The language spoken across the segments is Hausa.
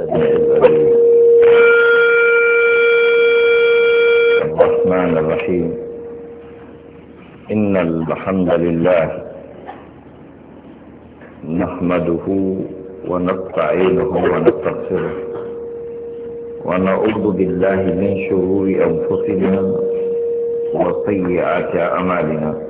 السميع العليم الرحمن الرحيم إن الحمد لله نحمده ونستعينه ونستغفره ونعوذ بالله من شرور أنفسنا وسيئات أعمالنا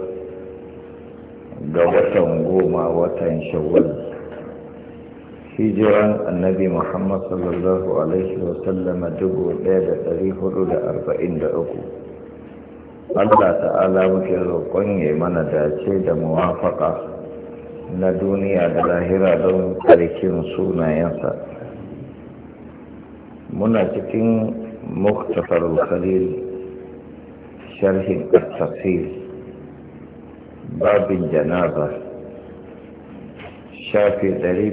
ga watan goma watan shawwal hijiran annabi muhammad sallallahu alaihi wasallama dubu ɗaya da ɗari hudu da arba'in da uku allah ta'ala muke roƙon ya mana dace da muwafaƙa na duniya da lahira don ƙarkin sunayensa muna cikin muktasar khalil sharhin tafsir babin janaba shafi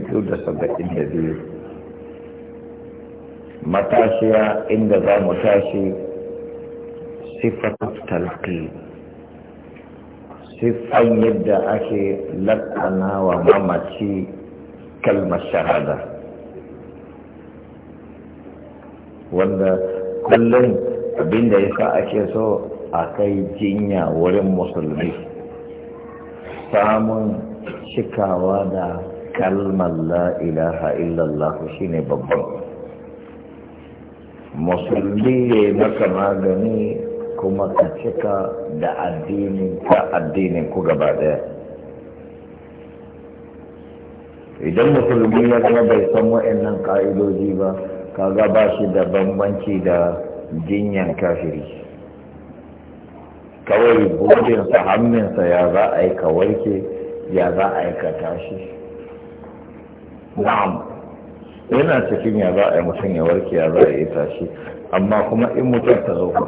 272 matashiya inda za mu tashi sifatu talqi siffan yadda ake lakana wa mamaci kalmar shahada wanda kullum abinda ya sa ake so a kai jinya wurin musulmi samun cikawa da kalmar la ilaha illallah shine babban musulmi ne maka magani kuma ka cika da addinin ka addinin ku gaba daya idan musulmi ya zama bai san wa'annan ka'idoji ba kaga ba shi da bambanci da jinyan kafiri kawai burinsa hannunsa ya za a yi ka warke ya za a yi ka tashi na'am yana cikin ya za a yi mutum ya warke ya za a yi tashi amma kuma in mutum ta zo ku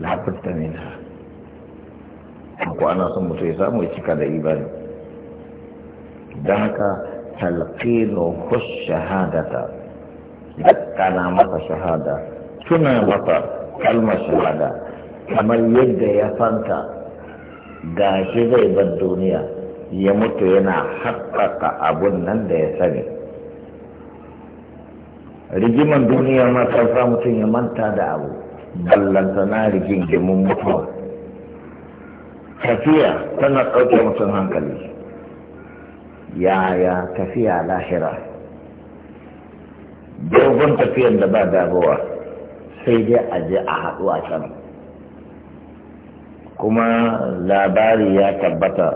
labarta ne na kwana ana son mutum ya samu ya cika da ibani don haka talqinu hus shahadata dakkana masa shahada tuna masa kalmar shahada kamar yadda ya fanta ga shi zai bar duniya ya mutu yana haƙaƙa abun nan da ya sani rigiman duniya ma sa mutum ya manta da abu ballanta na rigingimin mutuwa tafiya tana ɗauke mutum hankali yaya tafiya lahira dogon tafiyan da ba dagowa sai dai a je a haɗu a can kuma labari ya tabbata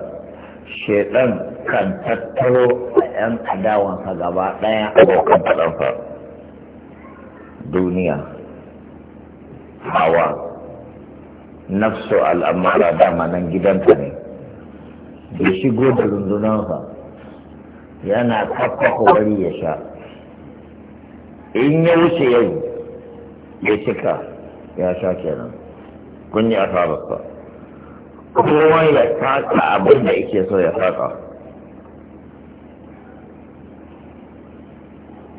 shaidan kan tattaro a 'yan adawansa gaba ɗaya abokan faɗansa duniya hawa nafsu al'amara dama nan gidanta ne ya shigo da rundunansa yana kafa kowari ya sha in ya wuce yau ya cika ya sha kenan kun yi asararsa kowa ya saka abin da yake so ya saka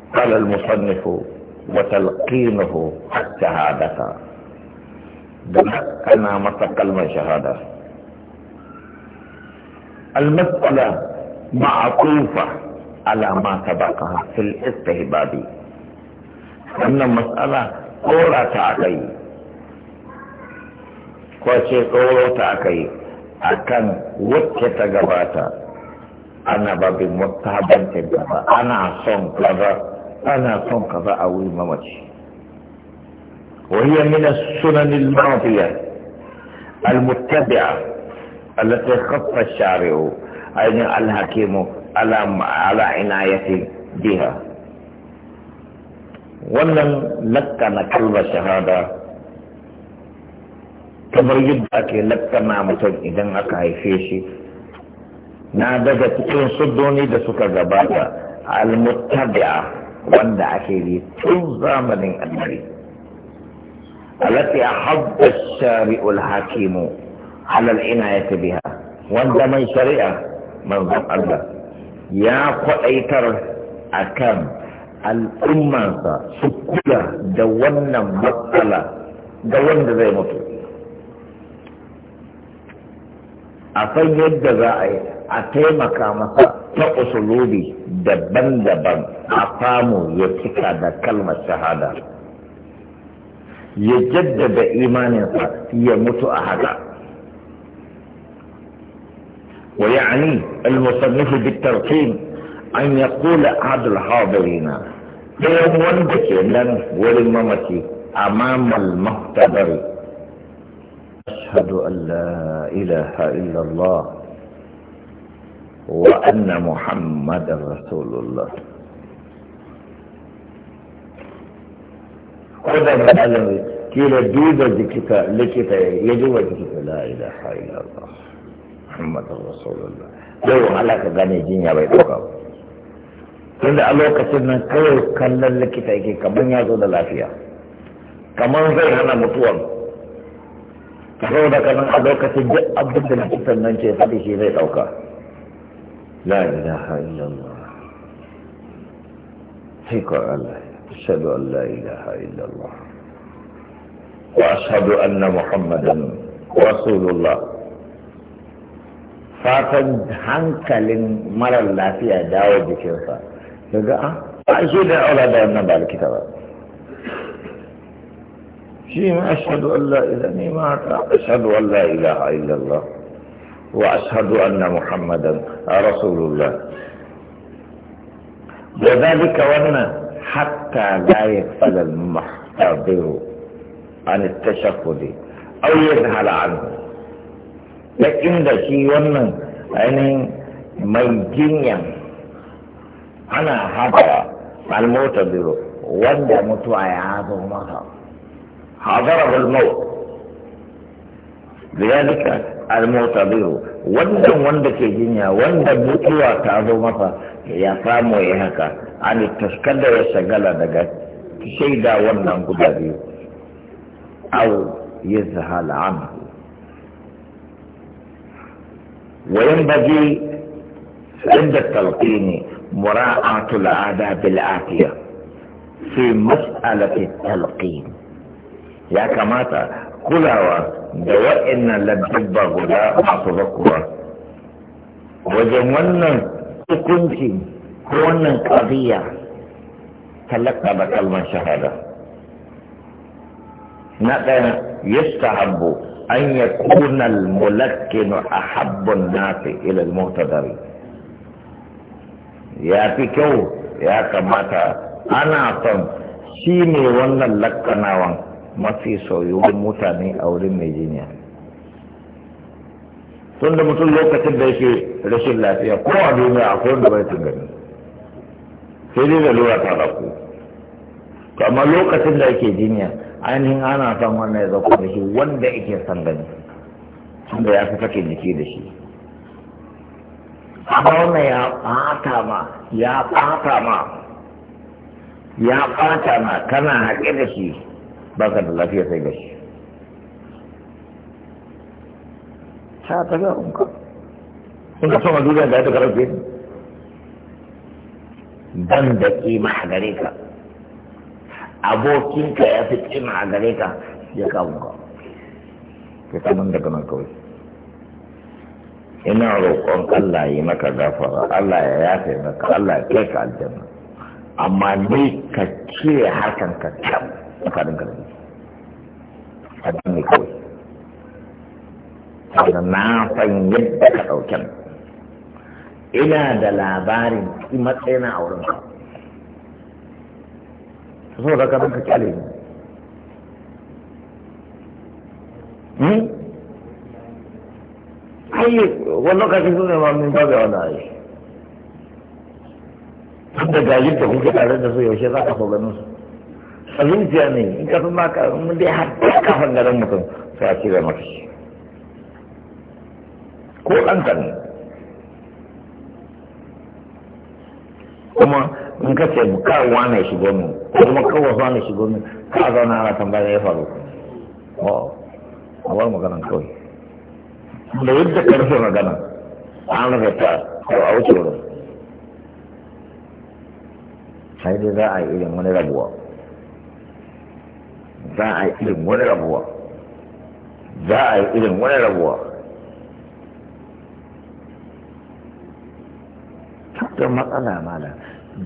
قال المصنف وتلقينه الشهادة أنا مطلق شهادة المسألة معطوفة على ما سبقها في الاستهبادي أن المسألة قولة عليه ko ce ɗoro ta aka yi a kan wacce ta gabata ana babin mutabancin gaba ana son kaza ana son kaza a wuri mamaci وهي من السنن الماضية المتبعة التي خط الشارع أي الحكيم على على عناية بها ولن لكن كلمة شهادة kamar yadda ake lakkana mutum idan aka haife shi na daga cikin sudoni da suka gabata almuttabi'a wanda ake yi tun zamanin annabi alati ahabba shari'ul hakimu alal inayati biha wanda mai shari'a manzon Allah ya a kan al'ummansa su kula da wannan matsala da wanda zai mutu akwai yadda za a yi a taimaka masa ta usulobi daban-daban a famu ya cika da kalmar shahada ya jaddada imaninsa ya mutu a haka ويعني المصنف بالترتيب أن يقول أحد الحاضرين يوم وندك لن ولممتي أمام المختبر أشهد أن لا إله إلا الله وأن محمد رسول الله هذا العالم كلا دوبة ذكتا لكتا ذكتا لا إله إلا الله محمد رسول الله لو عليك غني جنيا بيتوكا tunda a lokacin nan kawai kallon likita yake kamar ya zo da lafiya kamar zai hana kawo da kanan a lokacin duk abin da likitan nan ce faɗi shi zai ɗauka la ilaha illallah sai ko Allah ashhadu an la ilaha illallah wa ashhadu anna muhammadan rasulullah fatan hankalin marar lafiya dawo jikinsa daga a shi da aula da wannan ba likita ba شيء أشهد أن لا إله الله أشهد أن لا إله إلا الله وأشهد أن محمدا رسول الله وذلك وانا حتى لا يغفل المحتضر عن التشهد أو يذهل عنه لكن ده شيء وانا يعني ميجينيا أنا هذا المعتبر وانا متوعي هذا مهر حضره الموت لذلك الموت المعتبر وند وند كيجينيا وند بوتوا تعدو مفا يفامو إيهكا عن التسكد يسجل دقات تشيدا وند قدابيو أو يذهل عنه وينبغي عند التلقين مراعاة الآداب الآتية في مسألة التلقين ya kamata kulawa da wa'annan ladabba guda masu zakuwa wajen wannan hukunci ko wannan ƙabiya talaka da kalmar shahada na ɗaya yasta habbo an yi kunan mulakkinu a habbon nasi ilal motadari ya fi kyau ya kamata ana son shi ne wannan lakkanawan mafi soyuwar mutane a wurin mai jiniya tun da mutum lokacin da yake rashin lafiya ko a duniya a akwai da bai tun gani sai dai da lura ta raku amma lokacin da yake jiniya ainihin ana son wannan ya zauko da shi wanda yake san gani tun da ya fi kake jiki da shi amma wannan ya ɓata ma ya ɓata ma ya ɓata ma kana haƙe da shi ba ka da lafiya sai gashi ta ta ga unka in ka soma duniya da ya ta karfe ban da kima a gare ka abokinka ya fi kima a gare ka ya kawo ka ka kaman da nan kawai ina roƙon Allah yi maka gafara Allah ya yafe maka Allah ya kai ka aljanna amma n'i ka ce harkan ka kyau tsakanin ka da a kawai saboda na san yadda ka ɗauken ina da labarin matsayina a wurin ka saboda ka ka kyale ne ai wani lokacin su ne ma min babu wani ayi tun da gajin da kuke tare da su yaushe za ka so ganin su a ne in ka fi maka mun dai a kafan garin mutum sai a cire maka shi ko ɗanka ne kuma in ka ce kawai wane shigo min ko kuma kawai wane shigo min ka zauna ana tambaya ya faru a bar maganan kawai da yadda karfe magana an rufe ta ko a wuce wurin sai dai za a yi irin wani rabuwa za a yi irin wani rabuwa za a yi irin wani rabuwa ta matsala mana,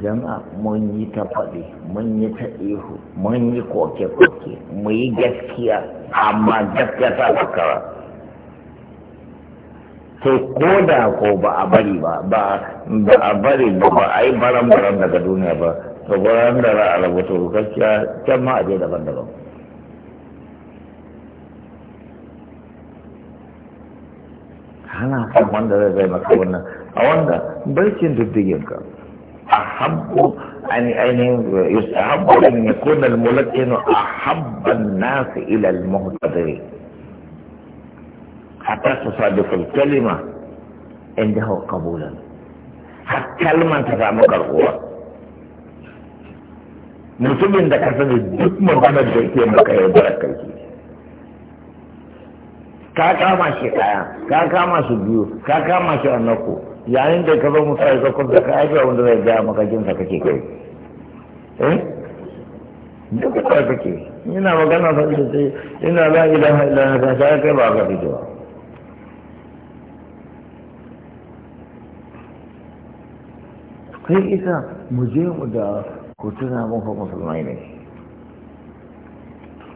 jama'a mun yi ta faɗi mun yi ta ihu mun yi koke-koke mun yi gaskiya amma gaskiya ta fakara sai ko da ko ba a bari ba ba a bari ba ba a yi baran-baran daga duniya ba saboda baran da ra'a rabu to gaskiya can ma a je daban-daban kana son wanda zai zai maka wannan a wanda barcin diddiginka أحب أن أن يستحب أن يكون الملقن أحب الناس إلى المهتدرين حتى تصادف الكلمة عنده قبولا حتى كلمة تفهمك القوة mutumin da ka sani duk maganar da yake maka ya bara kai ka kama shi ɗaya ka kama shi biyu ka kama shi annako yayin da ka zo musa ya zakon da ka ajiye wanda zai gaya maka jinsa kake kai eh? duk da kake ina magana fa ina ce ina la ilaha illa anta ya kai ba ka fito kai isa mu je mu da kotuna mun fa musulmai ne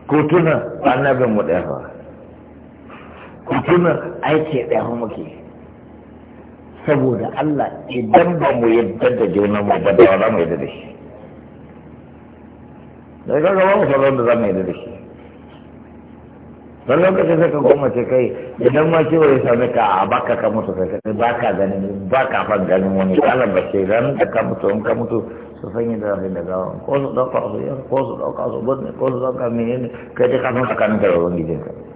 kotuna annabin mu ɗaya fa hikimar aiki ɗaya muke saboda Allah idan ba mu yadda da juna mu ba da za mu yadda da shi da ga gaba mu sauran da za mu yadda da shi sannan kashe sai ka goma ce kai idan ma ce ya same ka a baka ka mutu kai kai ba ka ganin ba ka fa ganin wani kalan ba ce ran da ka mutu in ka mutu su san da za su yi da gawa ko su ɗauka su yi ko su ɗauka su gudu ko su ɗauka ne kai ta ka san tsakanin da da ubangijinka. ka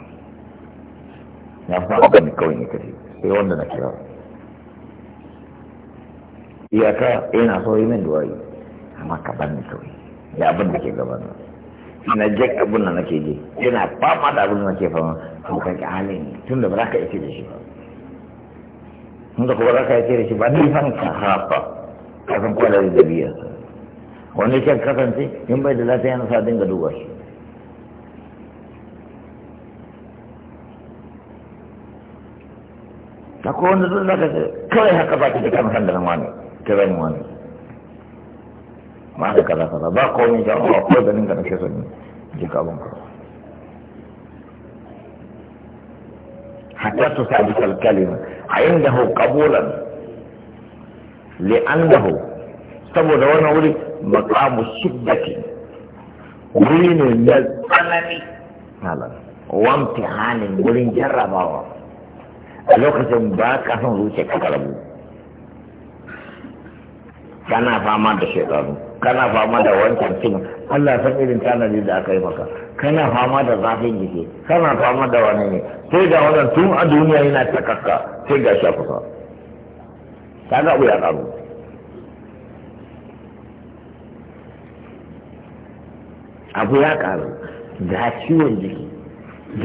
na san abin kawai ne kashe sai wanda na kira iyaka ina so yi min duwayi amma ka ban ni kawai ya abin da ke gaban ina je abin da nake je ina fama da abin da nake fama to kan ki halin tun da ba za ka da shi ba tun da kuma za ka da shi ba ni san ka hafa ka san kwalar da biya wani kyan kasance in bai da lafiya na sa dinga duba shi akwai wanda zai zaka ce kawai haka ba ki da kan sandan wani kiran wani ma da kaza kaza ba komai ga ba ko da ninka da kesa ne je ka ban ka hatta to sa bi kal kalima indahu qabulan li'annahu saboda wannan wuri maqamu shiddati wuri ne na tsanani halan wa imtihanin wurin jarrabawa a lokacin ba ka son zuciya ka karabu kana fama da shekaru kana fama da wancan cin Allah san irin tanadi da aka yi maka kana fama da zafin jiki kana fama da wani ne sai ga wannan tun a duniya yana ta kakka sai ga shi kusa ta ga ya karu abu ya karu ga ciwon jiki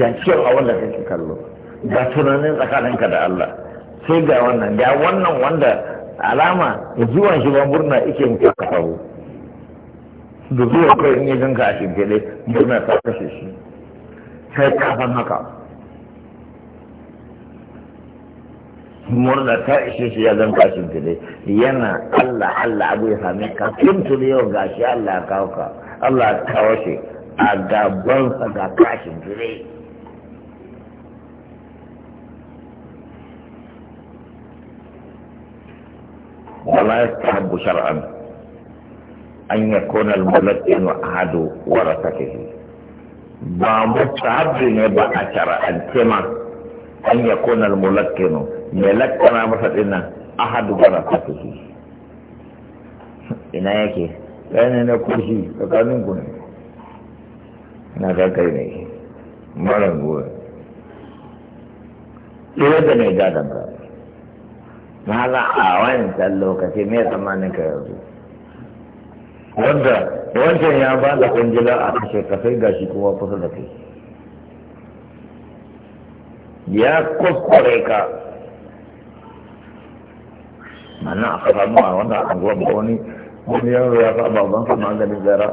ga ciwon a wanda kake kallo ga tunanin tsakaninka da Allah sai ga wannan ga wannan wanda alama zuwan shi ban murna ike muka ka da zuwa kai in ya ganka a shimfiɗe murna ta kashe shi sai kafan haka murna ta ishe shi ya zanka a shimfiɗe yana Allah Allah abu ya sami ka kin tuni yau gashi Allah ya kawo ka Allah ya kawo shi a gabansa ga kashin shimfiɗe ولا يستحب شرعا أن يكون الملتين أحد ورثته ba mustahab ne ba a shara'ance ma an ya kunar mulakkinu mai lakkana masa dinnan ahadu gara fatihi ina yake ɗani na kushi da ƙarnin gune na gaggai ne marar gure ɗaya da mai gadan ba Mana a wancan lokaci me tsammanin ka yanzu wanda wancan ya ba da kwangila a kashe ga shi kuma kusa da kai ya kuskure ka mana a kasa a wanda a guwa ba wani wani yaro ya sa baban sa maganin zara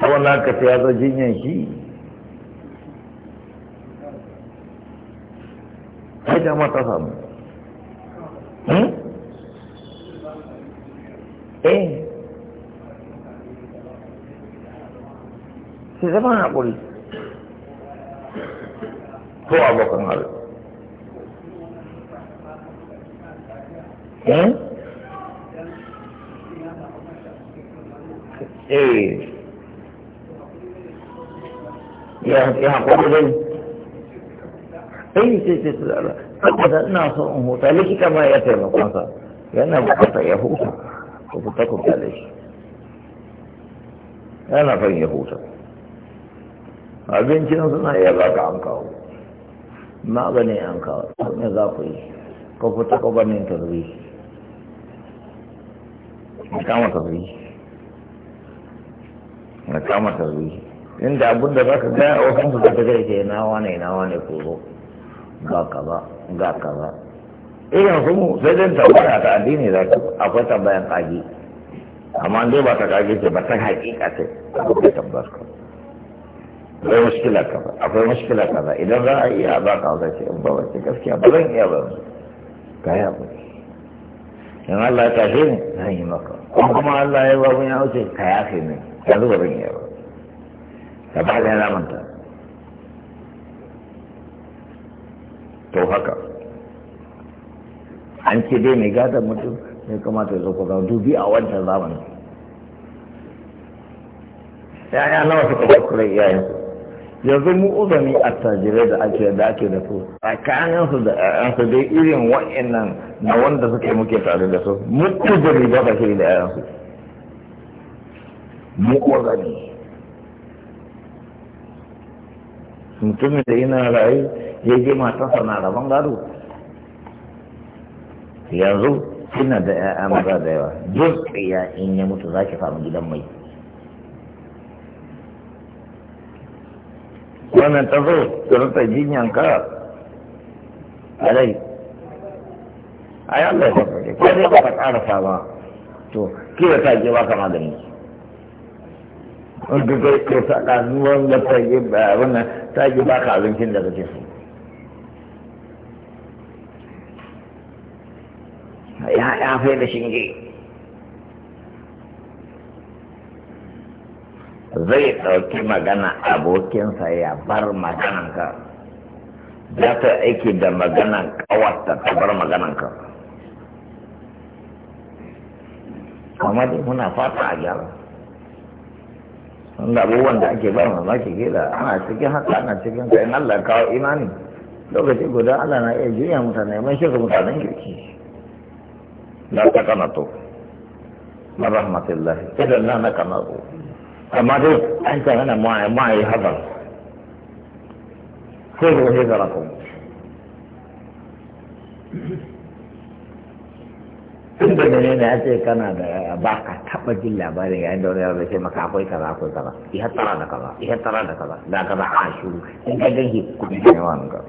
ta wannan ka ya zo jinyan shi a ta samu hmm? eh su zama haƙuri ko abokan haru hmm? eh ya haƙuri dai eh sai sai su saboda ina so huta likita ma ya taimakon sa yana bukatar ya huta ku fita ku kyale shi yana son ya huta abincin suna iya baka an kawo magani an kawo ne za ku yi ku fita ku banin tarbi na kama tarbi na kama tarbi inda abinda za ka gaya a wasan su ta gaya ke na wane na wane ko zo ga kaza ga kaza irin su sai dai tambaya ta addini za ka akwai tambayan kaji amma dai ba ta kaji ce ba ta hakika ce akwai tambayar ka akwai mushkila kaza akwai mushkila kaza idan za a iya ba ka wata ce in ba wace gaskiya ba zan iya ba ka ya ba in Allah ya tafi ne zan yi maka kuma Allah ya ba babu ya wuce ka ya yafe ne yanzu ba zan iya ba ka ba da ya lamanta to haka an ce dai mai gadon mutum ne kamata ya zo ku zama dubi a wancan zamanin ya'ya nawa suka iyayen iyayensu yanzu mu uzani attajirai da ake da ake da su tsakanin su da ƴaƴan su dai irin wa'annan na wanda suke muke tare da su mutu da riga ba shi da ƴaƴan su mu uzani mutumin da yana rayu ya je matarsa na rabon gado yanzu suna da ya'ya maza da yawa duk ya in ya mutu za ki samu gidan mai wannan ta zo ta rasa jinyan ka A ai Allah ya tafi ko zai ba ka karasa ba to kira ta ke ba ka magani wanda zai ke sa ɗanuwan da ta ke ba wannan ta ke ba ka abincin da kake so an sai da shinge zai ɗauki magana abokinsa ya bar magananka za ta aiki da maganan ƙawarta ta bar magananka amma dai muna fata a gyara wanda abubuwan da ake bar mamaki gida ana cikin haka ana cikin ka in Allah kawo imani lokaci guda Allah na iya juya mutane mai shirka mutanen girki. la ta kanato na rahmatullahi kada na na kanato amma dai an kan ana ma ma yi hadar sai ko he zara ko tun da ne ne ya ce kana da ba ka taba jin labarin yayin da wani yaro sai maka akwai kaza akwai kaza i hattara da kaza i da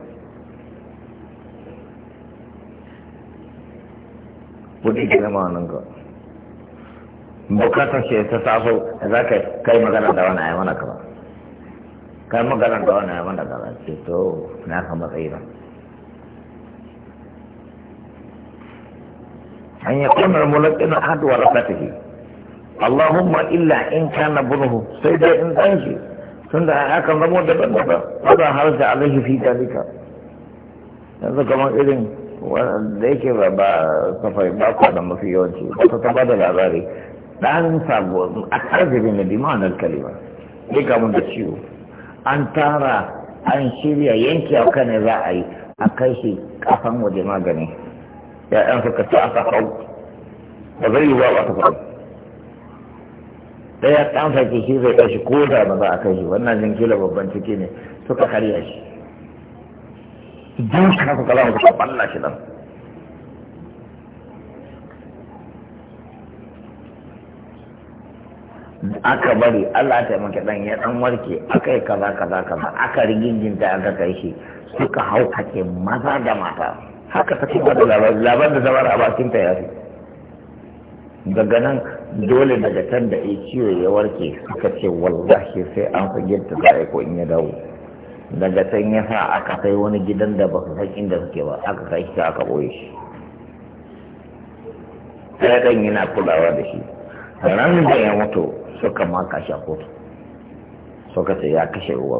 kuɗi ke nan wannan ka bukatar shi ta safo za ka kai magana da wani ayyana ka ba kai magana da wani ayyana ka ba ce to na ka matsayi ba an yi kunar mulakin haduwa rafatihi Allahumma illa in kana bunuhu sai dai in ɗan shi tun da hakan zamo daban-daban wadda har a alaihi fi dalika yanzu kamar irin wanda yake ba ba safai ba ku da mafi yawanci ba ta bada labari dan sabo a karzibi na alkalima kalima ga mun da ciwo an tara an shirya yanki a kan za a yi a kai shi kafan waje magani ya'yan suka ta aka hau ba zai yi ba ba ta faru ɗaya ɗan sake shi zai kai ko da ba za a kai shi wannan jinkila babban ciki ne suka karya shi duka ku kalamu ku balla shi dan aka bari Allah ta maka dan ya dan warke aka yi kaza kaza kaza aka riginginta aka kai shi suka hau kake maza da mata haka ta kuma da labar labar da zabar a bakin ta yafi daga nan dole daga can da ya ciwo ya warke suka ce wallahi sai an fage ta za ko in ya dawo daga can ya sa aka kai wani gidan da ba su san inda suke ba aka kai shi aka ɓoye shi sai ɗan yana kulawa da shi ran da ya mutu suka maka kashe kotu suka ce ya kashe su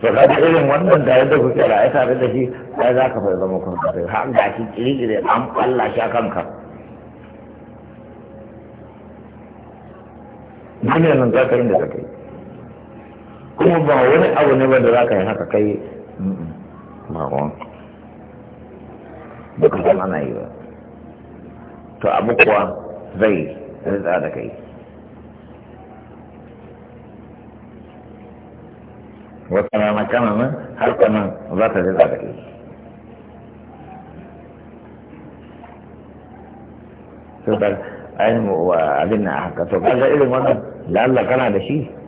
to ga da irin wannan da da kuke ai tare da shi sai za ka fara zama kun kare har da shi kirkire an ɓalla shi a kanka duniya nan za ka yi da ka kai kuma ba wani abu ne ba da za ka yi haka kai ba ba ka san na yi ba to abu kuwa zai rinsa da kai wata rana kana nan har kana za ta rinsa da kai to da ainihin abin na haka to kaga irin wannan da Allah kana da shi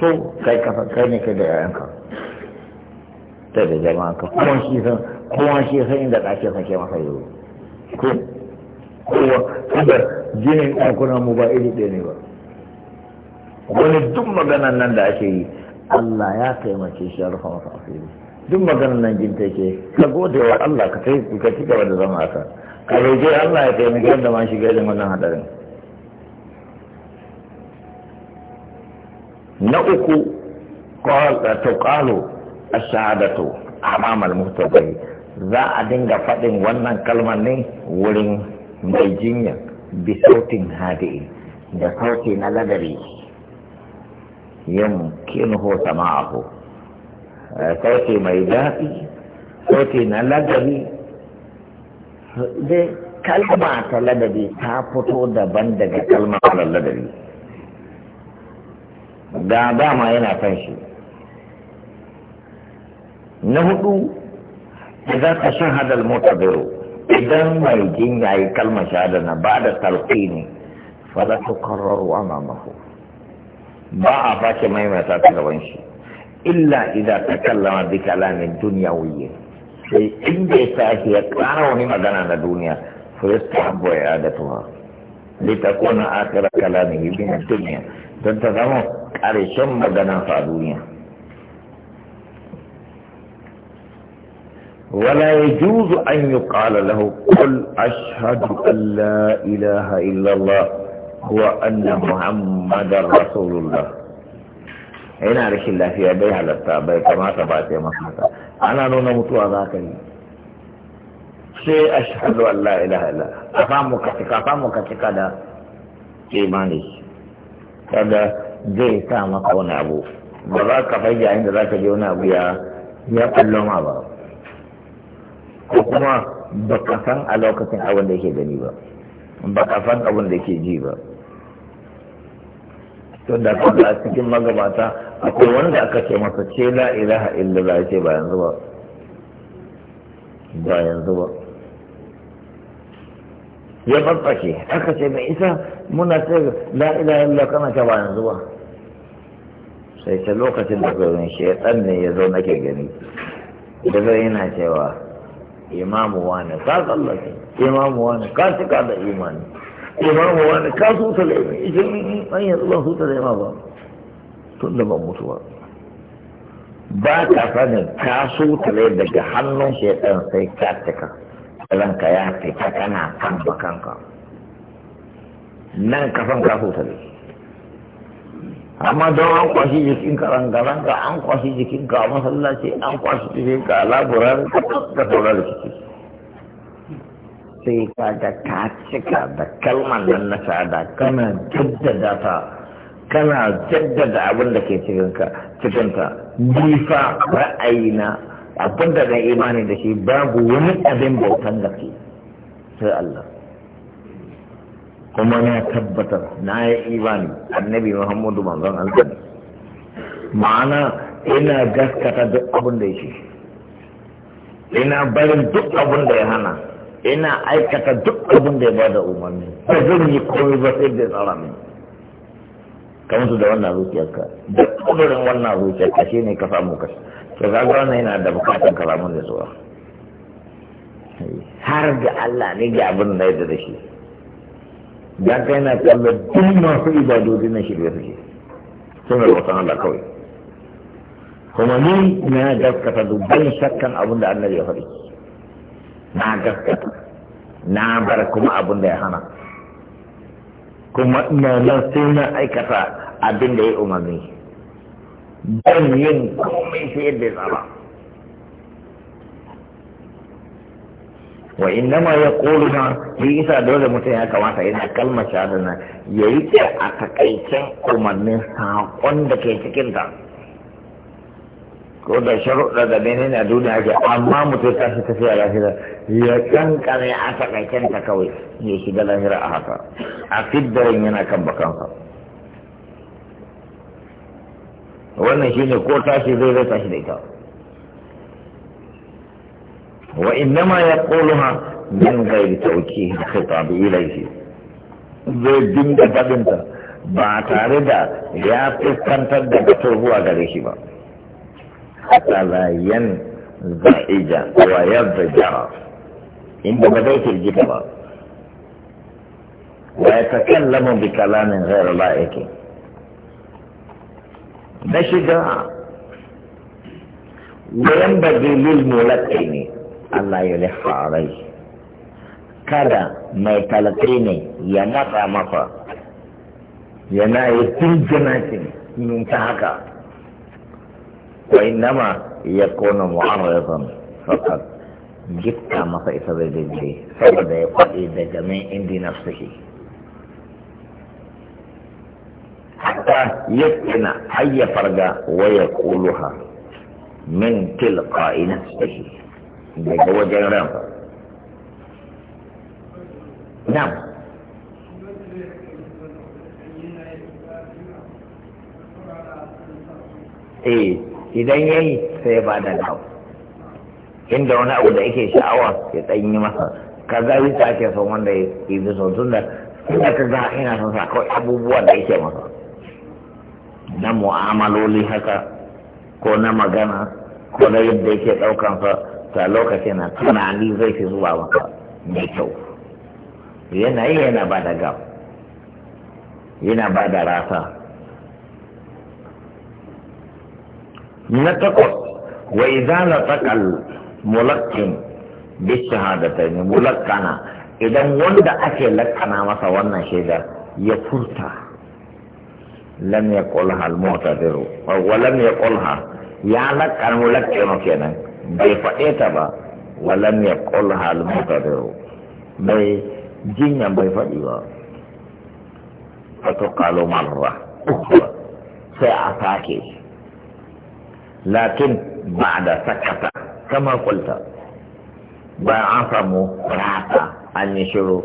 to kai kafa kai ne kai da yayanka ta da jama'a ka kowa shi san kowa shi san inda ɗakin ke masa yau ko kowa kada jinin ɗakunan mu ba iri ɗaya ne ba wani duk maganan nan da ake yi Allah ya taimake shi ya rufa masa asiri duk maganan nan jin take ka gode wa Allah ka kai ka ci gaba da zama ka ka roƙi Allah ya taimake da ma shiga da wannan hadarin na uku eh, tuƙalu a shahadatu a mamal mutabari za a dinga faɗin wannan kalmar ne wurin mai jinya bi sautin hadi'i da sauti na ladari yin kinho sama'ahu eh, sauti mai daɗi sauti na ladari dai kalma ta ladabi ta fito daban daga kalmar ladabi ga dama yana kan shi na hudu idan ka shan hadal mota biro idan mai jinya yi kalmar shahada na ba da talqi ne fala tukarraru amamahu ba a face maimaita ta gaban shi illa idan ta kallama bi kalamin dunyawiyyi sai inda ya tashi ya ƙara wani magana na duniya fa yastahabbu ya adatuha litakuna akhir kalamihi min ad duniya don ta zama ƙarshen su a duniya ولا يجوز أن يقال له قل أشهد أن لا إله إلا الله أن محمد رسول الله هنا رش الله في أبي على التابع كما تبعت يا محمد أنا نونا متوى ذاك شيء أشهد أن لا إله إلا الله أفهمك تكا أفهمك تكا دا إيماني kaga zai sa maka wani abu ba za ka a inda za ka je wani abu ya ya kullama ba ko kuma ba ka san a lokacin abin da yake gani ba ba ka san abin da yake ji ba to da kaga a cikin magabata akwai wanda aka ce masa ce la ilaha illallah ce ba yanzu ba ba yanzu ba ya farfashe aka ce mai isa muna ce la ilaha illa kana ta ba yanzu ba sai ta lokacin da gurin shaitan ne ya zo nake gani da zai yana cewa imamu wani ka tsallake imamu wani ka cika da imani imamu wani ka suta da imani yi an yanzu zuwa suta da imani ba tun da ban mutu ba ba ka sanin ka suta daga hannun shaitan sai ka cika ranka ya fita kana kan bakanka nan kafan ka huta ta amma don an kwashi jikinka ranka an kwashi jikinka a masallaci an kwashi jikinka a laburar da sauran sai ka ga ka cika da kalmar nan na sada kana jaddada ta kana jaddada abin da ke cikinka cikinta nifa ra'ayina abin da zai imani da shi babu wani abin bautan gaske sai Allah kuma na tabbatar na yi imani annabi Muhammadu manzon Allah ne ma'ana ina gaskata duk abin da yake ina barin duk abin da ya hana ina aikata duk abin da ya bada umarni ba zan yi komai ba sai da tsara mini ka mutu da wannan zuciyarka da kudurin wannan zuciyarka shi ne ka samu ka to kaga wannan yana da bukatan ka samu da zuwa har ga Allah ne ga abin da ya da shi dan kai na kallon duk masu ibadodi na shirye suke suna da wasan Allah kawai kuma ni na gaskata dubban shakkan abin da annabi ya faɗi na gaskata na bar kuma abin da ya hana kuma ina nan sai na aikata abin da ya umarni don yin komai sai yadda ya tsara wa ma ya kolu na yi isa dole mutum ya kamata yana kalmar shahada na ya yi ce a takaicin umarnin saƙon da ke cikinta ko da sharuɗa da bene na duniya ke amma mutum ta shi tafiya lahira ya kankane a takaicin ta kawai ya shiga lahira a haka a fiddarin yana kan bakansa wannan shine ko tashi zai zai tashi da ita wa innama yaquluha min kai tawjih ilai shi. zai dinga fadinta ba tare da ya fuskantar da gato zuwa gare shi ba hatta la yan za'ija wa jara inda ba zai firgita ba wa yatakallamu bi kalamin ghairi aiki. na shiga wayan bagi lil mulakai ne Allah ya lafa rai kada mai talakai ne ya matsa maka yana yi tunjina ce nun ta haka kwai nama ya kona mu'arrazan fakat gifta masa isa zai daidai saboda ya faɗi da jami'in indi nafsihi hatta yaƙina har ya farga wa ya ƙuluha min tilka ina tsaye daga wajen ran nan eh idan ya yi sai ya wani abu da yake sha'awa ya ɗan yi masa kaza yi ake son wanda ya yi ina son sa kawai abubuwan da yake masa na mu'amaloli haka ko na magana ko na yadda yake ɗaukan fa ta lokacin na tunani zai fi zuwa maka mai kyau yana yi yana ba da gab yana ba da rasa na takwas wa idza takal mulakkin bi ne mulakkana idan wanda ake lakkana masa wannan shaidar ya furta lam yaqulha al-mu'tadir wa lam yaqulha ya lakar mulakkinu kenan bai faɗe ta ba wa lam yaqulha al-mu'tadir bai jinya bai faɗi ba fa tuqalu marra sai a sake lakin ba'da sakata kama qulta bayan an samu rata an yi shiru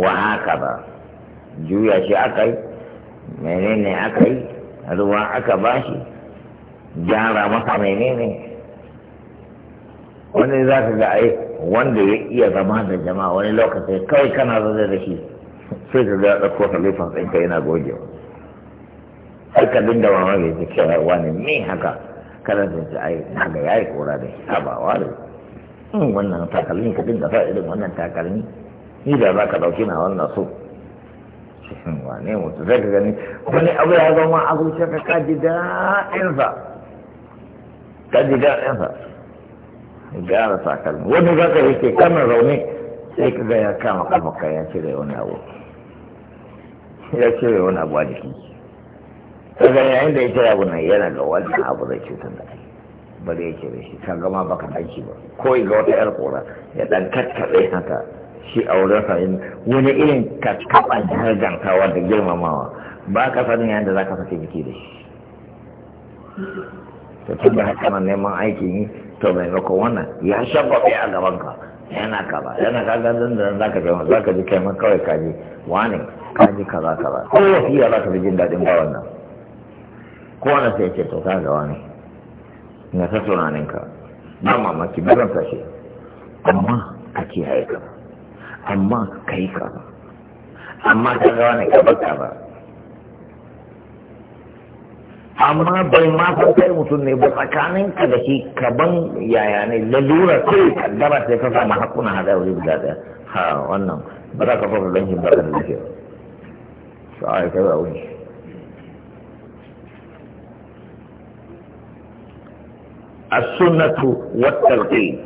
wa haka ba juya shi aka yi menene aka yi ruwa aka bashi gyara masa menene wani za ka ga ai wanda ya iya zama da jama'a wani lokaci kawai kana zaune da shi sai ka ga ɗauko halifan ɗinka yana gogewa har ka dinga mamaki ta cewa wani me haka kada ta ce ai na ga yayi kora da shi ba wani hmm, wannan takalmi ka dinga sa irin wannan takalmi ni da za ka ɗauki na wannan so wane mutu zai ka gani wani abu ya zama a zuciyarka ka ji da ka sa? Gara sa sakalmi wani za ka rike kamar rauni sai ka ga ya kama kafa ya cire wani abu ya cire wani abu a jiki kaga yayin da ya cire abu nan yana ga wannan abu zai cutar da kai bari ya cire shi ka gama baka aiki ba ko ga wata yar kora ya dan kakkaɓe haka shi a wurin fahim wani irin ka taɓa dangantawa da girmamawa ba ka sanin yadda za ka fashe biki da shi ta tun da haka na neman aiki yi to maka wannan ya bai a gaban ka yana kaba yana kaga zan da za ka jama za ka ji kai man kawai ka ji wani ka ji kaza kaza ko wasiya za ka ji jin daɗin ba wannan ko wani sai ce to ka ga wani na ta tunanin ka ba mamaki ba zan tashi amma a kiyaye ka amma ka yi ka amma ka ga wani ka baka ba amma bai ma san kai mutum ne ba tsakanin ka da shi kaban yaya ne lalura ce kaddara sai ka samu hakuna hada wuri guda da ha wannan ba za ka fara don shi ba kan lafiya sa'ai kai ba wuni السنة والتلقين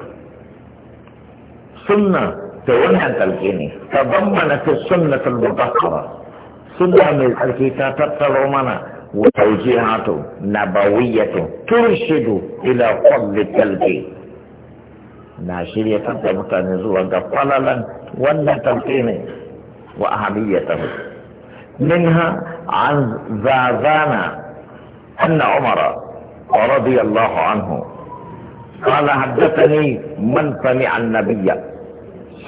سنة تولى تلقيني تضمنت السنة المطهرة سنة من الحركة تتطلع وتوجيهات نبوية ترشد إلى فضل التلقين ناشرية يتطلع تنزوها قطللا ولا تلقيني وأهميته منها عن زازانا أن عمر رضي الله عنه قال حدثني من سمع النبي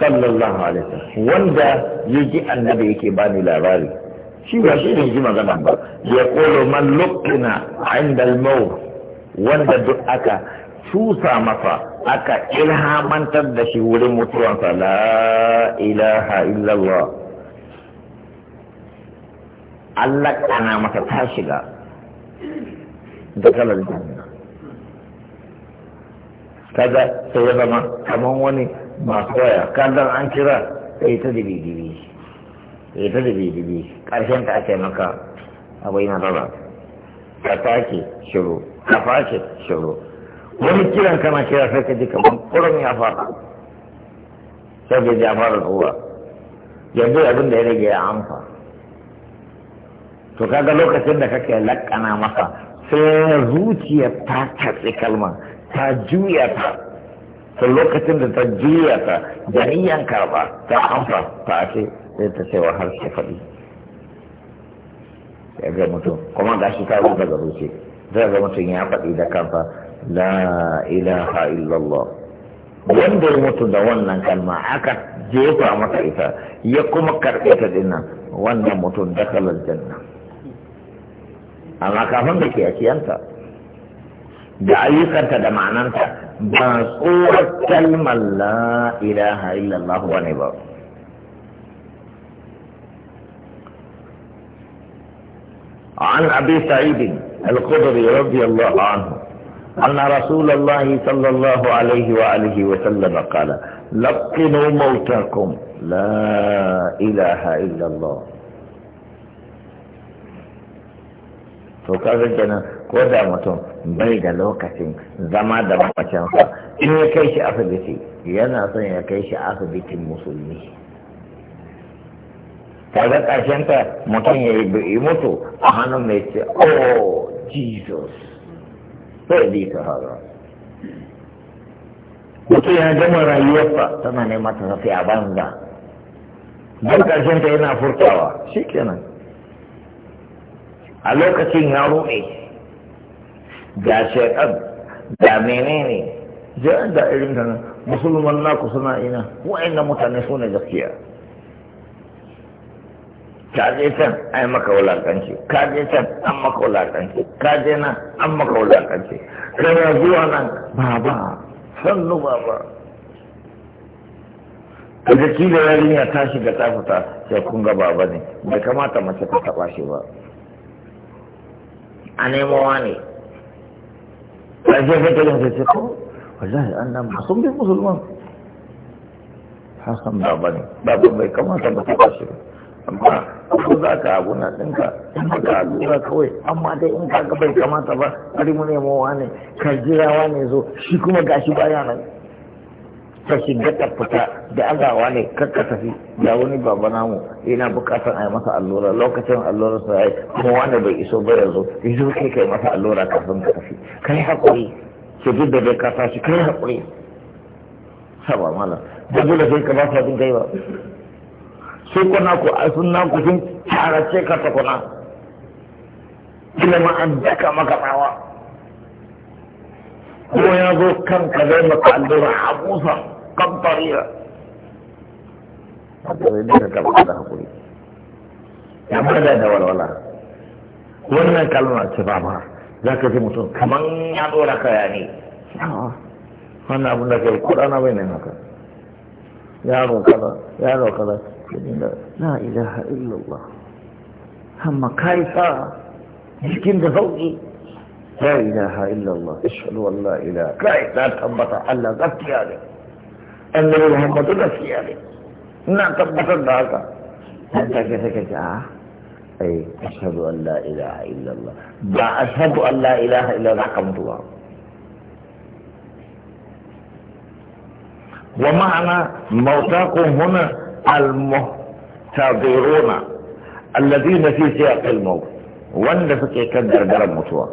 sallallahu alaihi wasallam wanda yaji annabi yake bani labari shi ba shi ne ji magana ba ya kolo man lukina inda al wanda duk aka cusa masa aka ilhamantar da shi wurin mutuwansa la ilaha illallah Allah kana masa ta shiga da kalar janna kaga sai ya zama kamar wani masu waya kadan an kira sai ta dibi dibi sai ta dibi dibi karshen ta ake maka abai na rara ka take shiru ka fashe shiru wani kiran kana kira sai ka ji kamar kurin ya fara sai ka ji ya fara zuwa. yanzu abin da ya rage ya amsa to kaga lokacin da kake lakana masa sai zuciya ta tatsi kalma ta juya ta to lokacin da ta juya ta janiyan niyan karba ta amfa ta ake sai ta ce wa ke faɗi ya ga mutum kuma ga shi ta zuwa ga zuci zai ga mutum ya faɗi da kansa la ilaha illallah wanda ya mutu da wannan kalma aka jefa masa ita ya kuma karɓe ta dinnan wannan mutum da kalar janna amma kafin da ke a da ayyukanta da ma'ananta ba tsoron kalmar la ilaha illallah ba ne ba عن أبي سعيد الخضري رضي الله عنه أن رسول الله صلى الله عليه وآله وسلم قال لقنوا موتاكم لا إله إلا الله فكذا kaga ko da mutum bai da lokacin zama da mamacinsa in ya kai shi asibiti yana son ya kai shi asibitin musulmi kaga ƙarshenta mutum ya yi mutu a hannun mai ce oh jesus sai bi ta hara mutum ya gama rayuwarsa tana ne ta tafi a banza don ƙarshenta yana furtawa shi kenan a lokacin ya ruɗe ga shekar ga menene jiran da irin ta nan musulman naku suna ina wa'annan mutane su ne gaskiya ka je can ai maka wulakanci ka je can an maka wulakanci ka je nan an maka wulakanci kana zuwa nan baba sannu baba ga kila yarinya ta shiga ta fita sai kun ga baba ne bai kamata mace ta taba shi ba a nemo ne ƙarshe sai kalin sai ce ko wallahi an nan ba sun musulman hasan ba ba ne ba ba bai kamata ba ta shi amma ko za ka abu na ɗinka in ka allura kawai amma dai in ka ga bai kamata ba ari mu nemo ne ka jirawa ne zo shi kuma gashi baya nan ka shiga ta fita da agawa ne karka ka tafi da wani baba namu yana bukatar a yi masa allura lokacin allura sa yi kuma wani bai iso ba yanzu yanzu kai kai masa allura kafin ka tafi kai hakuri ke duk da bai kasa shi kai hakuri saba mala da dole sai ka ba su abin gaiwa sai kuna ku a sun na ku sun tarace ka ta kuna ilimin an daka maka bawa ko ya zo kan ka zai maka allura a busa kamfariya a tsarin da ka da hakuri ya bada da walwala wannan kalma ce ba ma za ka ji mutum kamar ya dora kaya ne wannan abin da kai kudana bai nan haka yaro kala. yaro kaza la ilaha illallah amma kai fa cikin da sauki la ilaha illallah ashhadu an la ilaha kai da tabbata Allah gaskiya ne اندر محبت رکھی آ رہی نہ تب پسند آ کا ایسا کیسے کہ کیا ان لا الہ الا اللہ با ان لا الہ الا اللہ کم دعا ومعنى موتاكم هنا المحتضرون الذين في سياق الموت وان فكي كدر درم متوا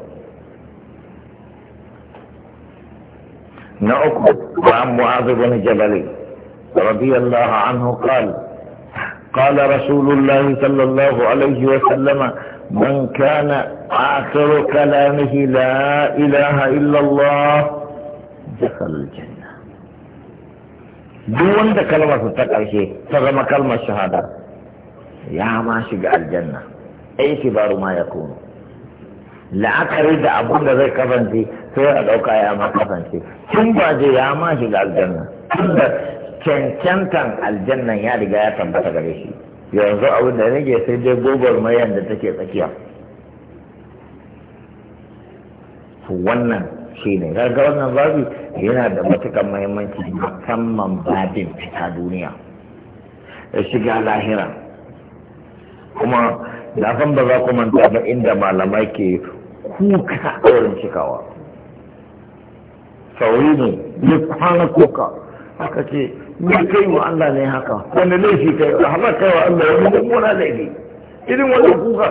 نعقب وعن معاذ بن جبل رضي الله عنه قال قال رسول الله صلى الله عليه وسلم من كان آخر كلامه لا إله إلا الله دخل الجنة دون كلمة فغم كلمة الشهادة يا ما شجع الجنة أي كبار ما يكون لا أكرد أبونا ذي كفنتي sai a ɗauka ya ma kasance tun ba je ya ma shiga aljanna tunda cancantan aljannan ya riga ya tabbata gare shi yanzu abin da rage sai dai gobar mayan da take tsakiya wannan shi ne ga wannan babi yana da matukan mahimmanci musamman babin fita duniya shiga lahira kuma na san ba za ku manta ba inda malamai ke kuka a wurin cikawa tawini koka aka ce ni kai wa Allah ne haka wanda shi kai haka kai wa Allah wani mummuna laifi irin wannan kuka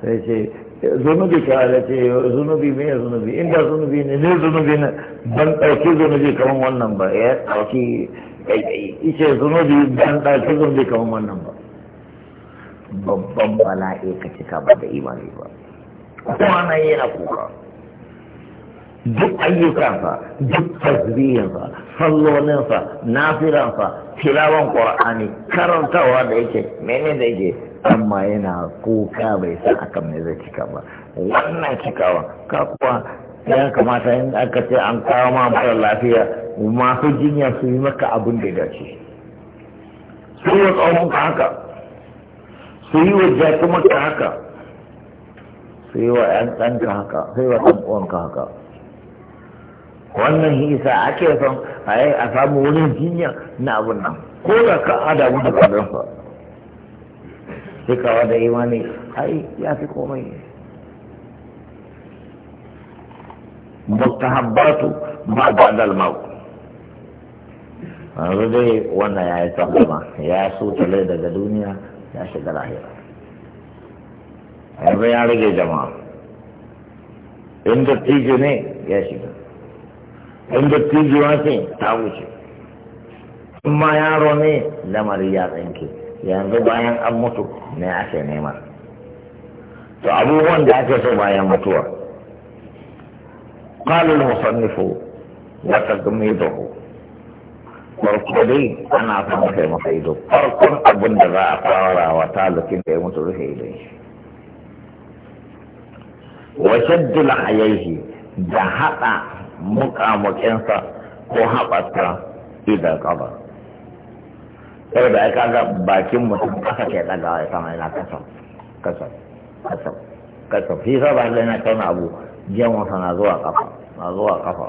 sai ce zunubi ka ala ce zunubi me ya zunubi inda zunubi ne ne zunubi ne ban ɗauki zunubi kamar wannan ba ya ɗauki ice zunubi ban ɗauki zunubi kamar wannan ba babban bala'i ka cika ba da imani ba kuma na yana kuka duk ayyukansa duk tasbihinsa sallolinsa nafiransa tilawan qur'ani karantawa da yake mene da yake amma yana kuka bai san akan me zai cika ba wannan cikawa ka kuwa ya kamata in aka ce an kawo ma mara lafiya masu jinya su yi maka abin da dace su yi wa tsohon ka haka su yi wa jakuma ka haka su yi wa 'yan ka haka su yi wa ɗan haka wannan hisa ake son a yi a samu wurin jinya na abun nan ko da ka adamu da kwadon ba sai kawa da imani ai ya fi komai mustahabbatu ba da dalmau Wanzu dai wannan ya yi sallama ya so tale daga duniya ya shiga lahira yanzu ya rage jama'a inda tijini ne ya shiga in dattijuwa ce ta wuce Amma ma yaro ne lamari ya tsinke yanzu bayan an mutu ne ake nema to abubuwan da ake so bayan mutuwa قال المصنف وتجميده farko dai ana son masa masa ido farkon abin da za a fara wa talukin da ya mutu rufe idon shi wa shaddul hayaihi da haɗa mukamukensa ko haɓata idan ƙaba sai da aka ga bakin mutum kasa ke ɗagawa ya sama yana kasa kasa kasa kasa shi sa ba yana tauna abu jiyanwarsa na zuwa ƙafa na zuwa ƙafa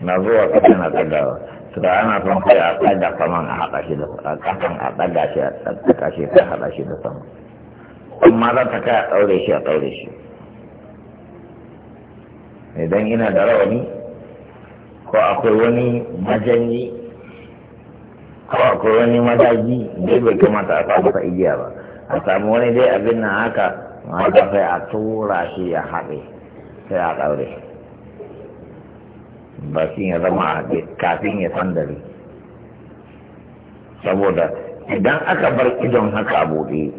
na zuwa ƙafa na ɗagawa da ana son kai a ɗaga saman a haɗa shi da a ƙasan a ɗaga shi a ɗaga shi a haɗa shi da sama amma za ta kai a ɗaure shi a ɗaure shi idan ina da rawani ko akwai wani majanyi ko akwai wani madaji da bai kamata a samu ta igiya ba a samu wani dai abin nan haka haka sai a tura shi ya haɗe sai a ɗaure ba shi ya zama a kafin ya sandare saboda idan aka bar idon haka a buɗe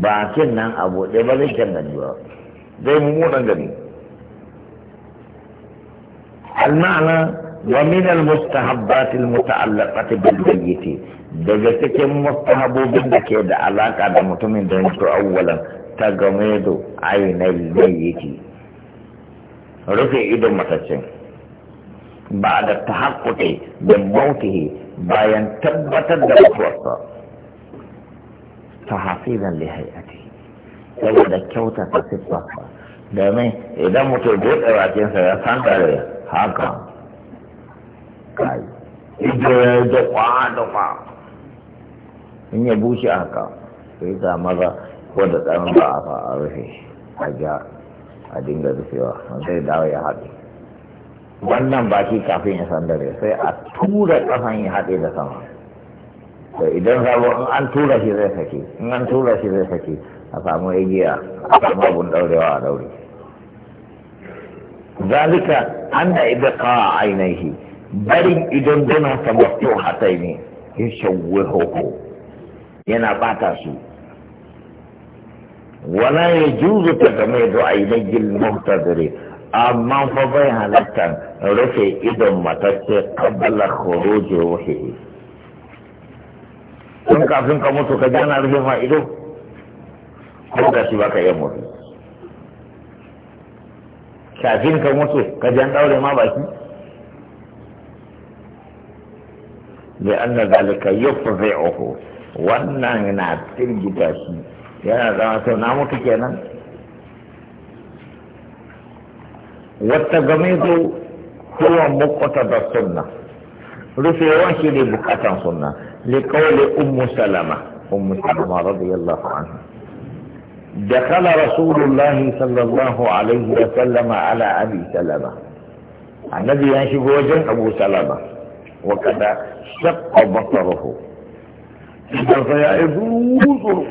bakin nan a buɗe ba zai can gani ba zai mummunan gani المعنى ومن المستحبات المتعلقة بالميت daga cikin mustahabobin da ke da alaka da mutumin da mutu awwalan ta game da ainihin mayyiti rufe idon matacin ba da ta haƙuƙe da mautihi bayan tabbatar da mutuwarsa ta hafi hafizan lihayati saboda kyauta ta siffarsa domin idan mutum buɗe bakinsa ya san da haka kai ido ya yi dakwa dakwa in ya bushe haka sai ta maza ko da tsarin ba a fa a rufe a ja a dinga rufewa zai dawo ya haɗe wannan ba shi kafin ya sandare sai a tura kafan ya haɗe da sama to idan sabo in an tura shi zai sake in an tura shi zai sake a samu igiya a samu abun daurewa a daure zalika anna ibqa ainihi barin idan dana ta mutu hatai ne ya shawwahu yana bata su wala yajuzu tagamidu ainihi al-muhtadiri amma fa bai halatta rufe idon matacce kabbala khuruji ruhihi tun kafin ka mutu ka jana rufe ma ido ko ka shi baka yi mutu kafin ka mutu ka jan daure ma baki da an na zalika yufzi'uhu wannan na firgita shi yana zama sau na mutu kenan wata game zo huwa muqta da sunna rufewan shi ne bukatan sunna li qawli ummu salama ummu salama radiyallahu anha دخل رسول الله صلى الله عليه وسلم على أبي سلمة الذي ينشق وجه أبو سلمة وكذا شق بصره فيا ابو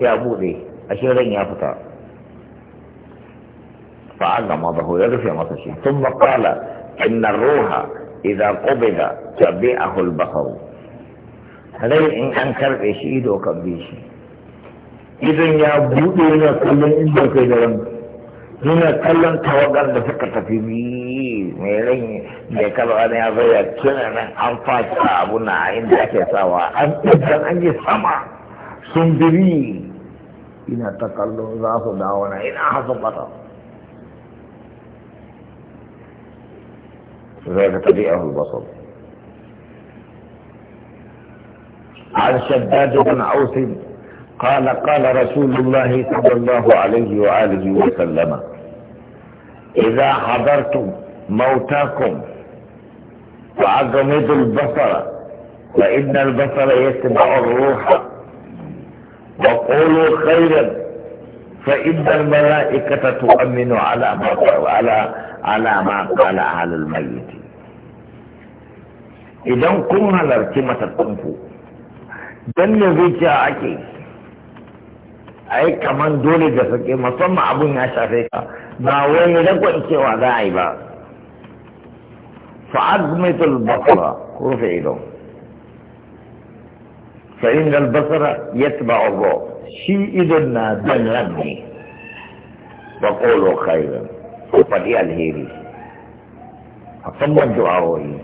يا أبودي أشيرين يا فتاة فعلمضه يرفع مطشي ثم قال إن الروح إذا قبض تبعه البصر هذا إن أنكر إشيد وكبيشي idan ya buɗe yana kallon inda kai da ran yana kallon tawagar da suka tafi biyi mai ran da kalwa ne ya zaya kina nan an fata abu na inda ake sawa an ɗan an yi sama sun biri ina ta kallo za su dawo na ina hasu fata zai ka tabi a hulbasar An شداد بن ausin. قال قال رسول الله صلى الله عليه وآله وسلم إذا حضرتم موتاكم فأغمضوا البصر فإن البصر يتبع الروح وقولوا خيرا فإن الملائكة تؤمن على ما على على ما قال على الميت إذا كنا لرتمة رتمة الكنفو دل ذي ake. a yi kaman dole da sake musamman abun ya shafe ka ba wani ragon cewa za a yi ba fa'azmitul basara ko rufe ido fa'in al-basara ya taba ogo shi idon na don ran ba kolo kairan ko fadi alheri a kamar du'awoyi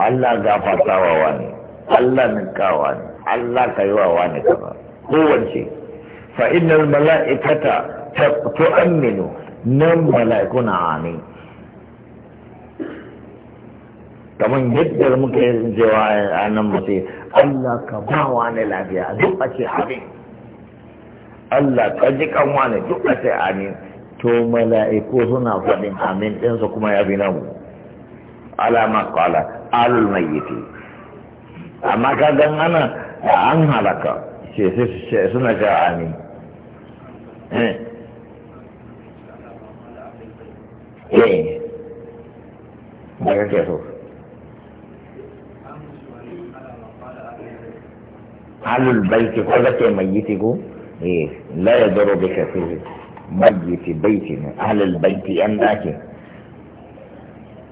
Allah gafartawa wani Allah ninkawa wani, Allah kaiwa wani kama kowance فإن الملائكة تؤمن نم ملائكنا amin. kaman yadda muka yi cewa a nan mace Allah ka ba wani lafiya duk a ce amin Allah ka ji kan ne duk a ce amin to mala'iku suna faɗin amin ɗinsa kuma ya bi namu alama kala alul mayyiti amma ka gan ana an halaka suna ga amin ما إيه. البيت قلت ميتكو إيه. لا يضر بك فيه ميت بيت أهل البيت أن أكي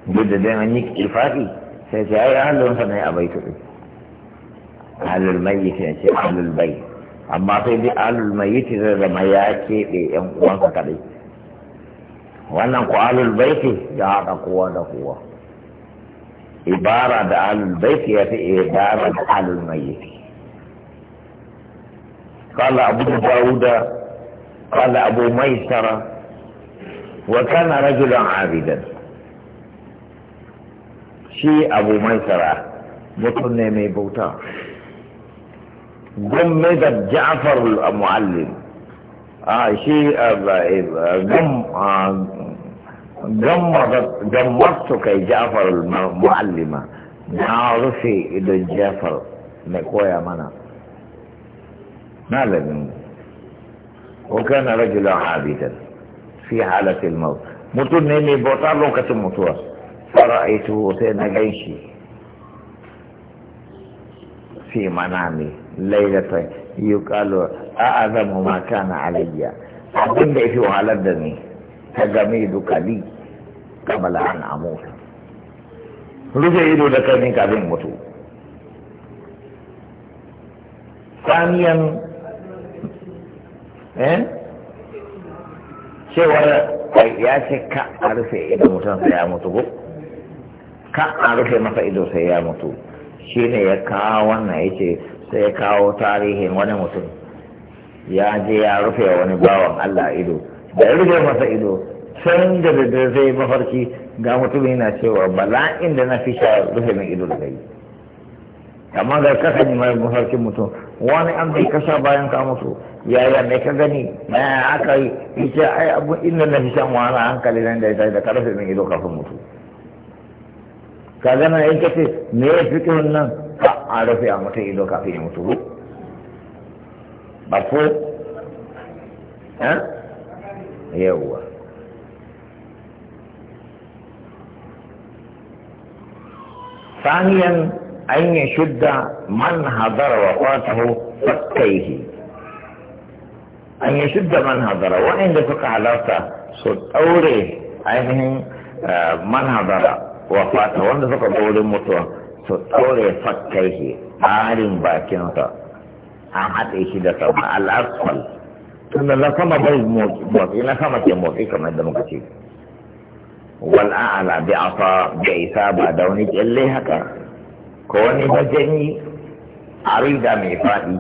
جد دائما نيك إفاقي سيسي أي أهل أهل البيت أهل البيت amma sai dai alul mayyiti da mai ya keɓe yan uwansa kaɗai wannan ku alul baiti ya haɗa kowa da kowa ibara da alul baiti ya fi ibara da alul mayyiti kala abu mai قال wa kana rajulan abidan shi abu mai tara mutum ne mai bauta جمدت جعفر المعلم آه شيء آه، آه، جم آه جمدت كي جعفر المعلم نعرفي إذا جعفر مكوية منا ما ماذا وكان رجلا عابدا في حالة الموت متو نيمي بوتالو كتو متوا فرأيته سينا جيشي في منامي ليلة يقال أعظم ما كان علي أبن بيته على تجميدك لي قبل أن أموت rufe ido da kai kafin mutu saniyan eh cewar ya ce ka a rufe ido mutum sai ya mutu ko ka a rufe masa ido sai ya mutu shi ne ya kawo wannan ya ce sai ya kawo tarihin wani mutum ya je ya rufe wani bawan Allah ido da ya rufe masa ido can da da zai mafarki ga mutum yana cewa bala'in da na fi sha rufe min ido da kai amma ga kasa ne mai mafarkin mutum wani an bai kasha bayan ka mutu ya yaya mai ka gani na aka yi ce ai abu inda na fi shan wani hankali nan da ya da ka rufe min ido kafin mutu ka gana in ka ce me ya fi nan ba a rufe a mutum ido kafin ya mutu ba ko yawwa ثانيا أن يشد من حضر وقاته فكيه أن يشد من حضر وإن دفق على su ɗaure ainihin eh, man hadara wa fata wanda suka zo wurin mutuwa su ɗaure fakkai shi harin bakinsa an haɗe shi da sama al'asfal tunda na sama bai motsi na sama ke motsi kamar da muka ce wal'a'ala bi afa bi isa ba da wani kyalle haka ko wani bajanyi arida mai faɗi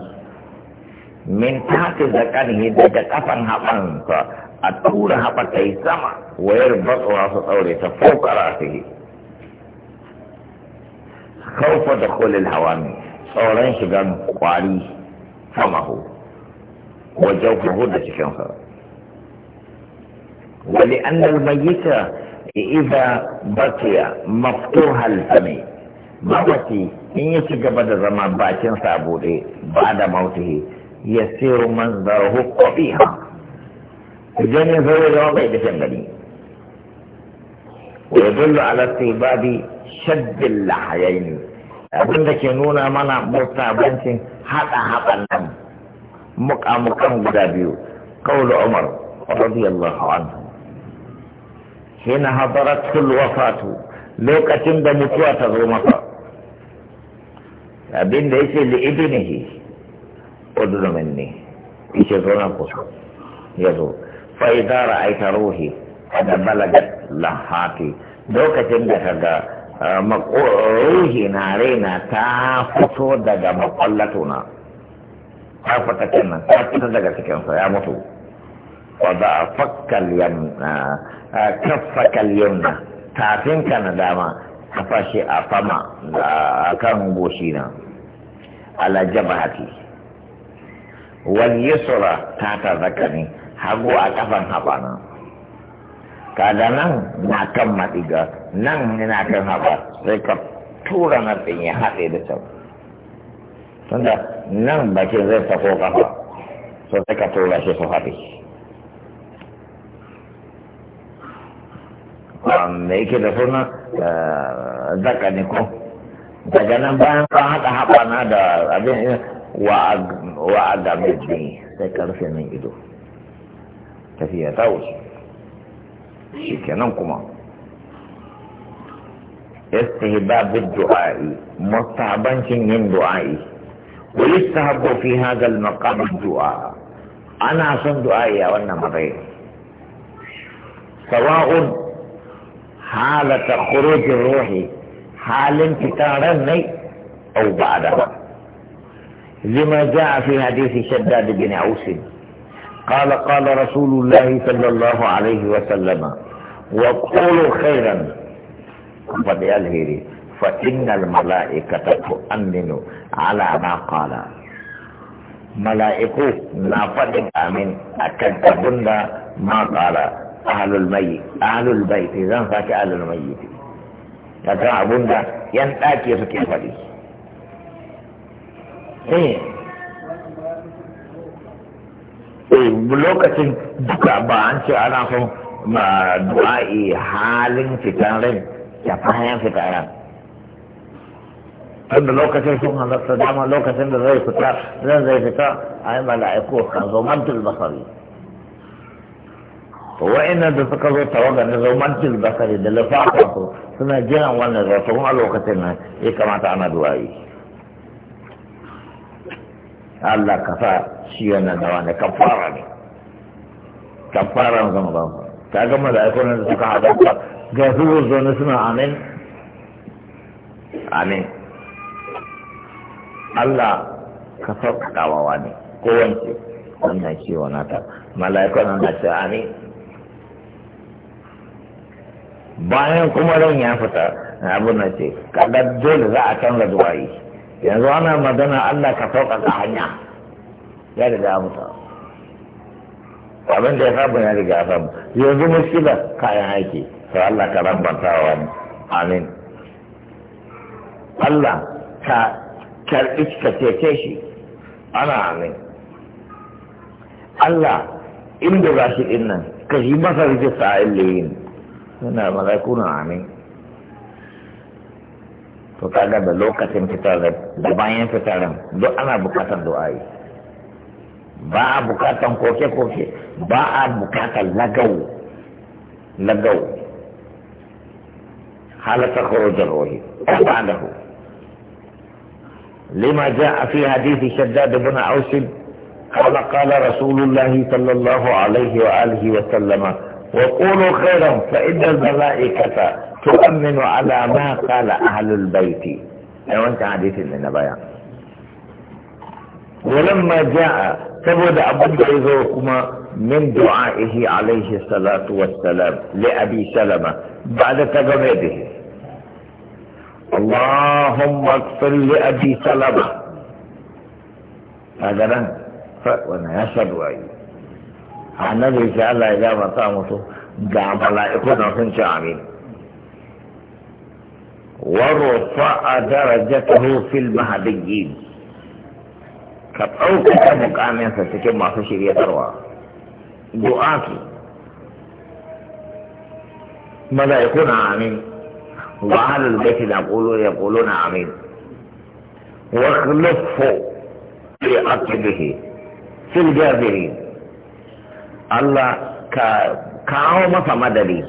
min tafi da ƙarfi daga kafan haɓansa a tura haɓa ta yi sama wayar batsuwa su ɗaure ta fokara su خوف دخول الهوام صورين شغان قواري فمه وجوفه ده شكنها ولأن الميت إذا بقي مفتوح الفم mawaki in ya ci gaba da zama bakin sa bude ba da mautihi ya siyo manzarahu qabiha idan ya zo ya zama bai da gani ويدل على استيباب شد اللحيين abin da ke nuna mana mustabancin haɗa haɗan nan muƙamuƙan guda biyu kawul umar radiyallahu anhu hina hadarat wafatu lokacin da mutuwa ta zo masa abin da yake li ibnihi udur minni yace zo na kusa ya zo fa idara aita ruhi da balagat lahati lokacin da kaga ah, ruhi na raina ta fito daga makwallatuna ta fita kenan ta fita daga cikinsa ya mutu wadda fakkal yamna ah, ah, kaffakal ka na dama ka a fama a kan goshi na ala jabahati wal yusra ta ta ne hagu a kafan haɓana kaga nan na kan ga nan yana kan haɓa sai ka tura na ɗin ya haɗe da can tunda nan bakin zai sako kafa so sai ka tura shi su haɗe da yake da suna zaka ne ko daga nan bayan kan haɗa haɓa na da abin wa a game sai karfe nan ido tafiya ta wuce shi كما استهباب الدعاء مستحبا من دعائي ويستحب في هذا المقام الدعاء أنا أصن دعائي وانا مرين سواء حالة خروج الروح حال انتقارا أو بعدها لما جاء في حديث شداد بن أوس قال قال رسول الله صلى الله عليه وسلم وقولوا خيرا فإن الملائكة تؤمن على ما قال ملائكة نافد آمن أكد أبن ما قال أهل الميت أهل البيت إذا فات أهل الميت أكد أبن ينتاكي سكي فدي Eh, lokacin duka ba an ce ana so ma du'a'i halin fitan rai ya bayan fita ran tunda lokacin sun halarta dama lokacin da zai fita zan zai fita a yi mala'iku kan mantul basari to da suka zo tawaga na mantul basari da lafafa su suna jiran wannan zai kuma a lokacin nan ya kamata ana du'a'i Allah ka sa shi wannan dawa ne kafara ne kafara na zama ba ta ga mala'iku da suka haɗa ga su zo suna amin amin Allah ka sauƙaƙa wani ne ko wance wannan ciwo nata mala'ikun nan na ce amin bayan kuma ran ya fita abu na ce kaga dole za a canza zuwa yi yanzu ana magana Allah ka sauƙaƙa hanya ya riga amsa abin da ya saba ya riga samu yanzu muskila kayan aiki to Allah ka rambanta wa wani amin Allah ka karɓi ka cece shi ana amin Allah inda ba shi din nan ka yi masa rijista a yin suna malakuna amin to kaga da lokacin fitar da bayan fitar duk ana bukatar yi ba a bukatan koke-koke ba a bukatan lagau lagau الروحي korojar لما جاء في حديث شداد بن اوس قال قال رسول الله صلى الله عليه واله وسلم وقولوا خيرا فان الملائكه تؤمن على ما قال اهل البيت لو انت حديث لنا بيان ولما جاء saboda abin da ya zo kuma min du'a'ihi alaihi salatu wassalam li abi salama ba da ta game da shi Allahumma ighfir li abi salama kaga nan wannan ya sadu ayi annabi sai Allah ya ga gafarta mutu ga mala'iku da sun ce amin ورفع درجته في المهديين ka ɗaukaka mukaminsa cikin masu shiryatarwa du'atu ya kuna amin wa ahlul gashi na qulu na amin wa khalafu fi aqbihi fil jabirin Allah ka kawo masa madadi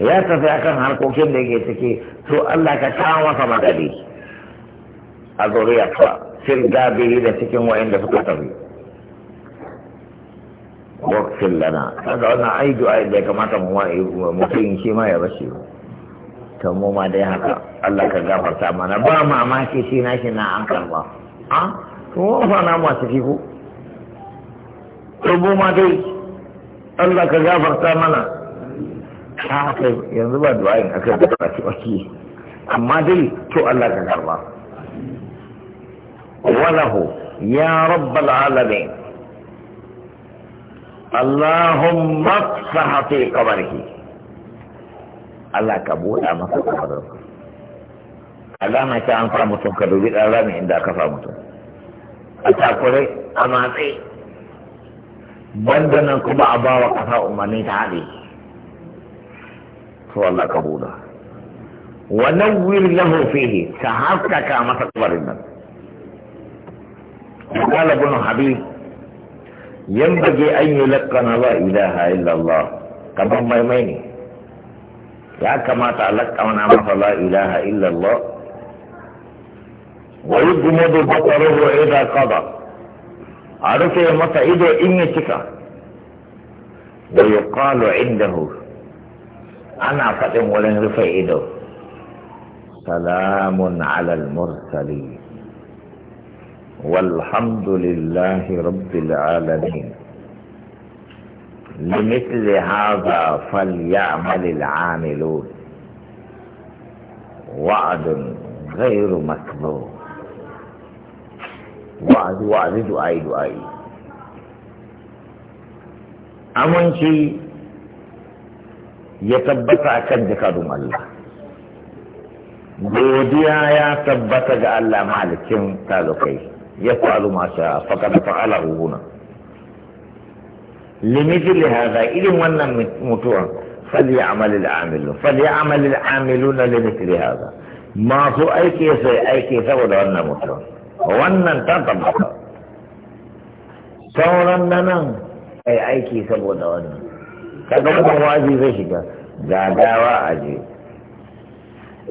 ya tafi akan harkokin da yake ciki to Allah ka kawo masa madadi a zuriyarsa fil gabiri da cikin wa'inda suka tafi wakfin lana kaga wannan ai du'a da ya kamata mu mu yin shi ma ya bashi to mu ma dai haka Allah ka gafarta mana ba mamaki shi na shi na an karba a to mu fa na masu fiko to mu ma dai Allah ka gafarta mana ta haka yanzu ba du'a in aka da karatu amma dai to Allah ka karba وله يا رب العالمين اللهم افسح في قبره الله كبول أما قبره alama ta an sa mutum ka dubi ɗan rami inda aka sa mutum a takure a matse banda nan kuma a bawa ƙasa umarni ta to Allah ka buɗa wannan wuri lahu fihi ta haskaka masa kabarin nan قال ابن حبيب ينبغي أن يلقن لا إله إلا الله كما يميني يا كما تعلقت أنا لا إله إلا الله ويجمد بطره إذا قضى عرفه متى إذا إن يتكى ويقال عنده أنا فتن ولن رفع إذا سلام على المرسلين والحمد لله رب العالمين لمثل هذا فليعمل العاملون وعد غير مكذوب وعد وعد دعائي امن أمنشي يتبت أكد كدوم الله جوديا يا تبت الله مالك كم تالو يفعل ما شاء فقد فعله هنا لمثل هذا إذا وانا متوع فليعمل العاملون فليعمل العاملون لمثل هذا ما سو أي كيس أي كيس وانا متوع وانا تطبق سورا لنا أي أي كيس وانا kaga wannan wazi zai shiga ga dawa a je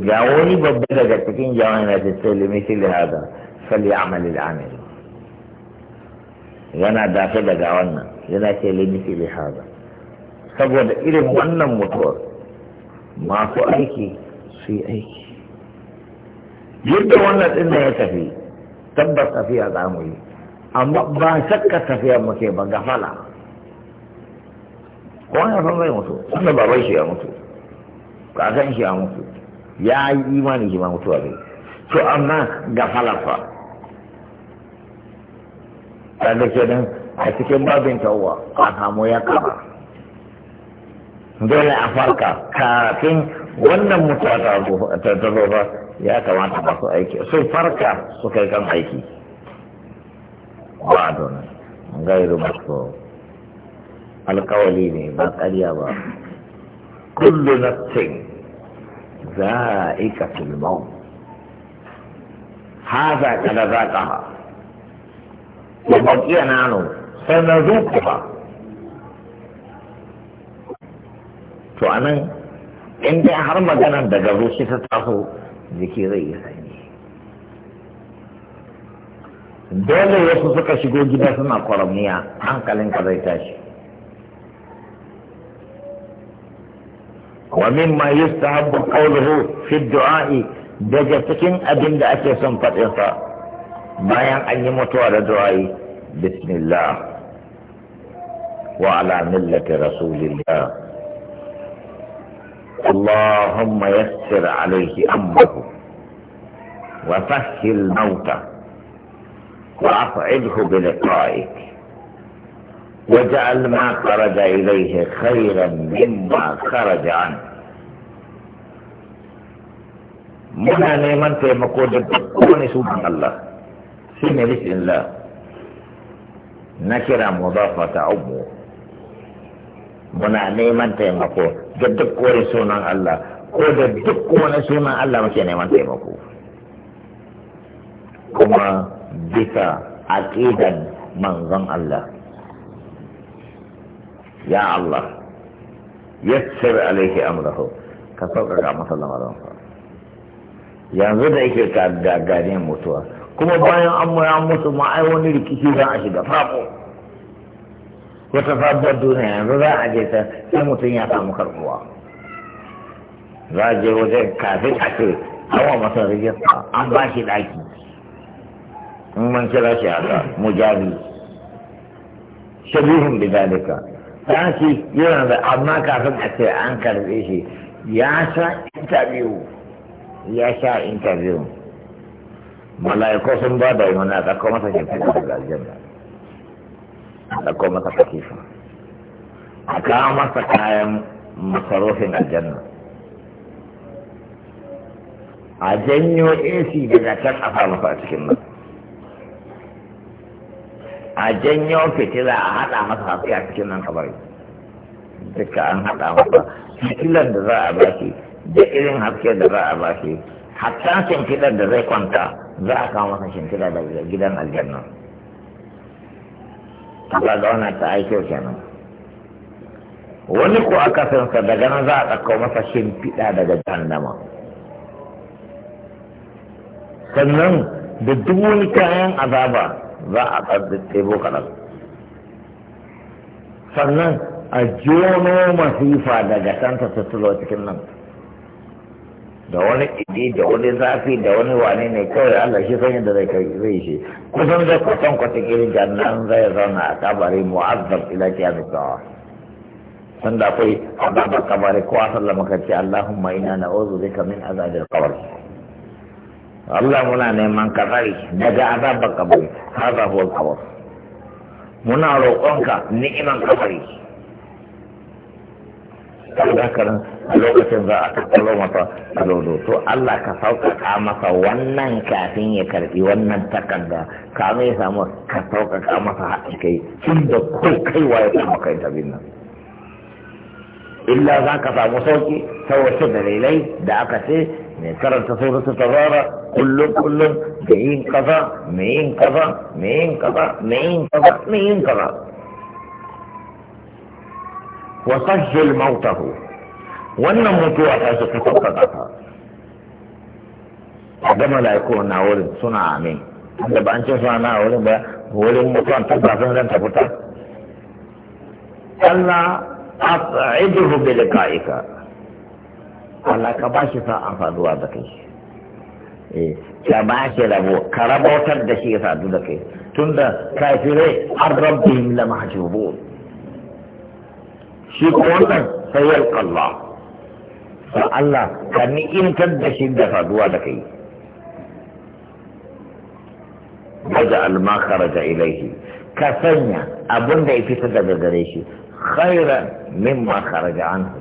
ga wani babba daga cikin jama'a na ta sai limiti da hada فليعمل العامل yana dafe daga wannan yana ce limiti li haza saboda irin wannan mutuwar masu aiki su yi aiki yadda wannan din ya tafi tabbas tafiya za mu yi amma ba shakka tafiya mu ke ba gafala ko ya san zai mutu sannan baban shi ya mutu kakan shi ya mutu ya yi imani shi ma mutuwa ne to amma gafala fa kaga kenan a cikin babin tawwa a samu ya kama dole a farka kafin wannan mutuwa ta zo ba ya kamata masu aiki sun farka su kai kan aiki ba don gairu masu alkawali ne ba karya ba kullu nafsin za'ikatul maut haza kada za ha وبقي نحن maganan فأنا عندي ta taso, jiki zai dole wasu suka shigo gida suna hankalin hankalinka zai tashi wa mimma yustahabbu qawluhu fi du'a'i daga cikin abin da ake son faɗinsa bayan an yi mutuwa da du'a'i bismillah wa ala millati rasulillah اللهم يسر عليه أمره وسهل موته وأسعده بلقائك واجعل ما خرج إليه خيرا مما خرج عنه muna neman taimako da duk wani sunan Allah shi ne bisin la na kira mudafa ta abu muna neman taimako ga duk wani sunan Allah ko da duk wani sunan Allah muke neman taimako kuma bisa aqidan manzon Allah ya Allah yassir alaihi amrahu ka sauƙaƙa masa lamarinsa yanzu da yake ka gagarin mutuwa kuma bayan an mura musu ma ai wani rikici za a shiga fafo wata sabuwar duniya yanzu za a je ta sai mutum ya samu karbuwa za a je wajen kafin a ce an wa masa rijista an ba shi ɗaki in man kira shi haka mujabi shabihin bidalika ɗaki yana da amma kafin a ce an karɓe shi ya sha interview ya sha interview mala'iku sun ba da yana da kuma masa shimfiɗa daga aljanna da kuma masa katifa a kawo masa kayan masarofin aljanna a janyo AC daga can a fara masa a cikin nan a janyo fitila a haɗa masa hafi a cikin nan kabari duka an haɗa masa fitilan da za a baki da irin hafi da za a baki hatta shimfiɗar da zai kwanta za a kawo masa shimfiɗa daga gidan aljanna kaga ga wannan ta aiki kyau kenan wani ko sa daga nan za a ɗauko masa shimfiɗa daga jahannama sannan da duk wani kayan azaba za a ɗaɗɗebo kaɗan sannan a jono masifa daga kanta ta cikin nan da wani idi da wani zafi da wani wani ne kawai Allah shi san da zai kai zai shi kusan zai kusan kwata irin jannan zai zauna a kabari mu'azzab ila kiyamis sawa san da akwai azaba kabari ko asalla maka ce Allahumma inna na'udhu bika min azabil qabr Allah muna neman kafari daga azabar kabari hada huwa al-qabr muna roƙonka ni'iman kabari saboda a lokacin za a tattalo masa a lodo to Allah ka sauƙaƙa masa wannan kafin ya karɓi wannan takarda ka ya samu ka sauƙaƙa masa haɗin kai tun da kai kaiwa ya samu kai tabin nan illa za ka samu sauƙi ta wasu dalilai da aka ce mai karanta ta tazara kullum kullum da yin kaza mai yin kaza mai yin kaza mai yin kaza mai yin kaza wa sahhil mautahu wannan mutuwa ta shi ka sauka ta a ga mala'iku na wurin suna amin da ba an ce suna na wurin ba wurin mutuwan ta kafin ran ta fita Allah as'iduhu bi liqa'ika Allah ka ba shi sa'an faduwa da kai eh ka ba shi rabo ka rabautar da shi ya sadu da kai tunda kafirai an rabbihim la mahjubun shi ko wannan sai ya Allah fa Allah ka ni'imtar da shi da faduwa da kai daga ma kharaja ilaihi ka sanya abin da ya fita daga gare shi khairan mimma kharaja anhu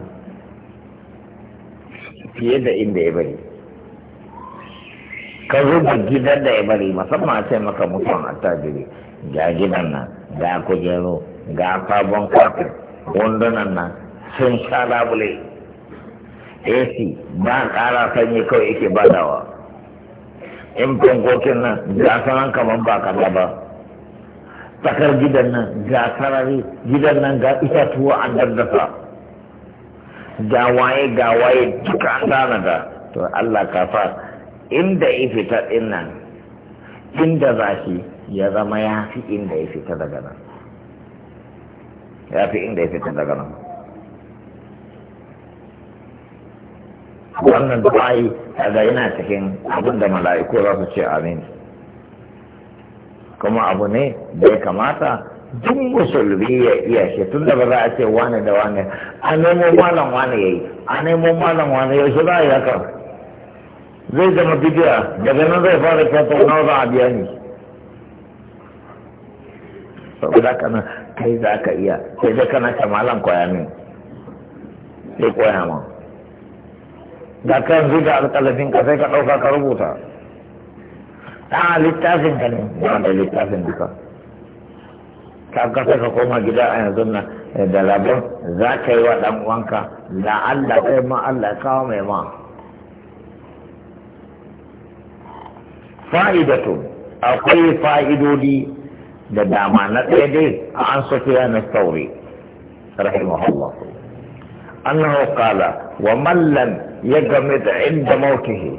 fiye da inda ya bari ka zuba gidan da ya bari musamman a ce maka mutuwan attajiri ga gidan nan ga kujeru ga sabon kafin wanda nan sun sha labule ac ba ƙara sanyi kawai yake badawa in fankokin nan gasaran kamar ba kaza ba tsakar gidan nan ga sarari gidan nan ga itatuwa an daddasa ga waye ga waye duka an tanada to Allah ka fa inda ya fita din nan inda za shi ya zama ya fi inda ya fita daga nan ya fi inda ya fitin daga nan wannan du'a'i kaga yana cikin abin da mala'iku za su ce amin kuma abu ne da ya kamata duk musulmi ya iya shi tun da ba za a ce wane da wane a nemo malam wane ya yi a nemo malam wane ya shi za a yi haka zai zama bidiya daga nan zai fara kyautar nawa za a biya ni saboda kai za ka iya sai dai kana ta malam koya min sai koya ma da kan zai da alƙalafin ka sai ka ɗauka ka rubuta a littafin ka ne ba da littafin duka ka ga sai ka koma gida a yanzu na eh, da labar za ka yi wa ɗan uwanka da Allah kai ma Allah kawo mai ma fa'idatu akwai fa'idodi da dama na ɗaya dai an sufiya na sauri rahimahullah annahu qala wa man lam yagmid inda mautihi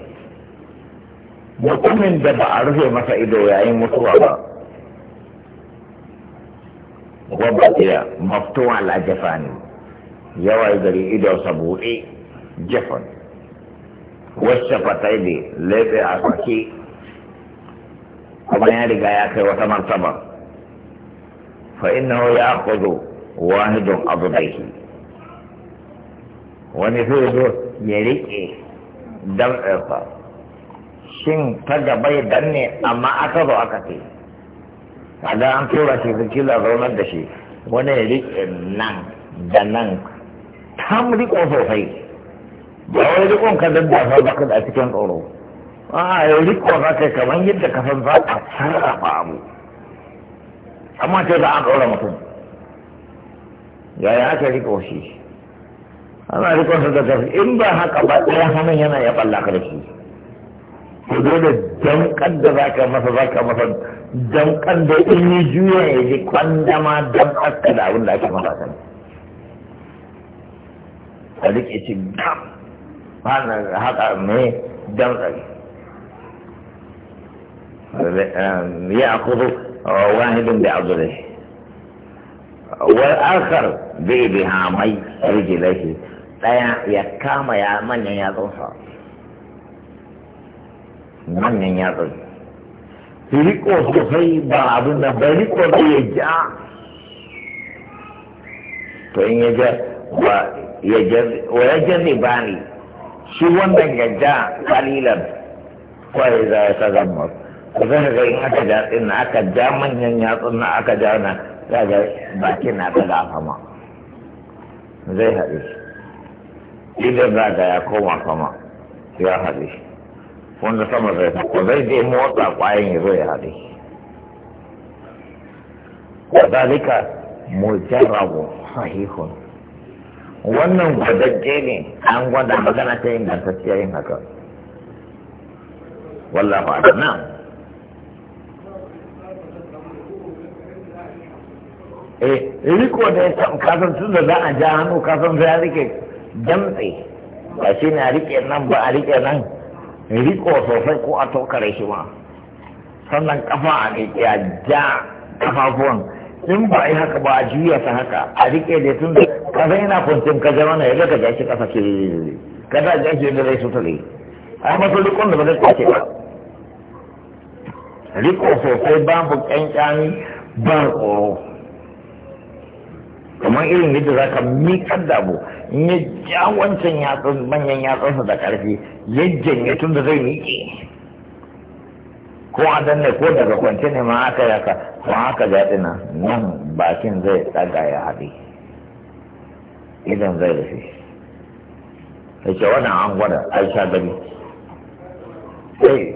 mutumin da ba a rufe masa ido yayin mutuwa ba wa baqiya maftuwa ala jafani yawa gari ido sabuɗe jafan wasu fatai ne lebe a saki kuma ya riga ya kai wata martaba fa ina wa ya kozo wa abu da yi wa ni zai zo ya riƙe dan shin ta gaba ya danne amma aka zo aka ce a da an tura shi su da shi wa ni riƙe nan da nan ta mu sosai ba wai riƙon ka zan dafa ba ka cikin tsoro. a'a yau rikon zaka kamar yadda kasan za a sarrafa abu amma ce za a ɗora mutum yaya aka riko shi ana rikon sa da tafi in ba haka ba ɗaya hannun yana ya balla ka da shi ku dole damkan da za ka masa za ka masa damkan da in yi juya ya ji kwandama don aska da abin da ake masa kan a rike ci gam haka me damkan eh, ya akudu واحد بعضله والآخر بإبهامي رجليه ɗaya ya kama ya manyan yatsunsa manyan yatsun su riko sosai ba abin da ba riko da ya ja to in ya ja wa ya ja ne ba ne shi wannan ya ja kalilan kwaye za ya sa zama zan ga in aka ja na aka ja manyan yatsun na aka ja na za ga bakin na ta da fama zai haɗe idan za ga ya koma fama ya haɗe wanda sama zai ko zai je motsa kwayan ya zo ya haɗe kazalika mujarrabu sahihun wannan gwadagge ne an gwada magana ta ingantacciya yin haka wallahu a'lam eh riko da ya san kasan sun da za a ja hannu kasan sai a rike damtse ba shi ne a rike nan ba a rike nan riko sosai ko a tokare shi ma sannan kafa a rike a ja kafafuwan in ba yi haka ba a juya ta haka a rike da tun da kasa yana kwantin ka zama na yaga ka ja shi kasa ke kada ja shi da zai ne a masu rikon da ba zai kwace ba riko sosai babu kyankyani ba tsoro kamar irin yadda za ka mikar da abu in ya ja wancan yatsun manyan yatsunsa da ƙarfi ya janye tun da zai miƙe ko a danne ko daga kwance ne ma aka yaka ko aka jaɗi nan bakin zai ɗaga ya haɗe idan zai rufe ya ce wannan an gwada aisha gari. sai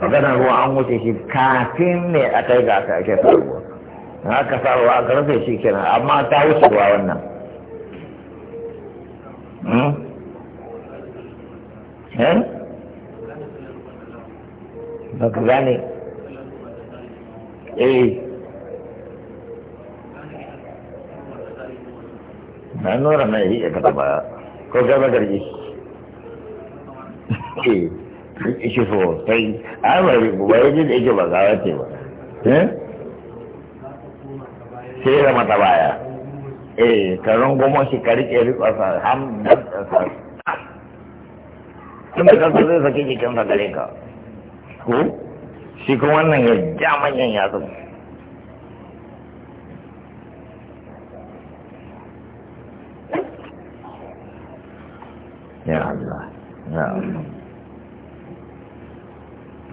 magana ruwa an wuce shi kafin ne a kai ga aka ake saruwa na aka saruwa aka rufe shi kenan amma ta wuce ruwa wannan hmm? eh? ba ku gane eh na nura mai yi ka ba ko gaba garji eh duk ishi sosai ai ba eh? ya da ba ce ba sai baya eh shi ka rike sa tun da zai sake gare ka ko shi kuma wannan ya ja manyan yatsun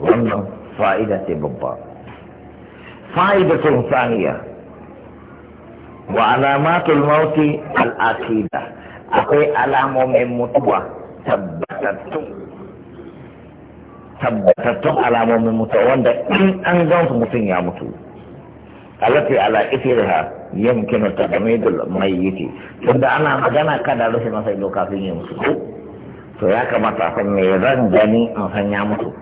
wannan fa'ida ce babba fa’ida fa'idatun saniya wa alamatul mauti al'aqida akwai alamomin mutuwa tabbatattun tabbatattun alamomin mutuwa wanda in an gan su mutum ya mutu alati ala isirha yamkinu tadmidul mayyiti tunda ana magana kada rufe masa ido kafin ya mutu to ya kamata a san me zan gani in san ya mutu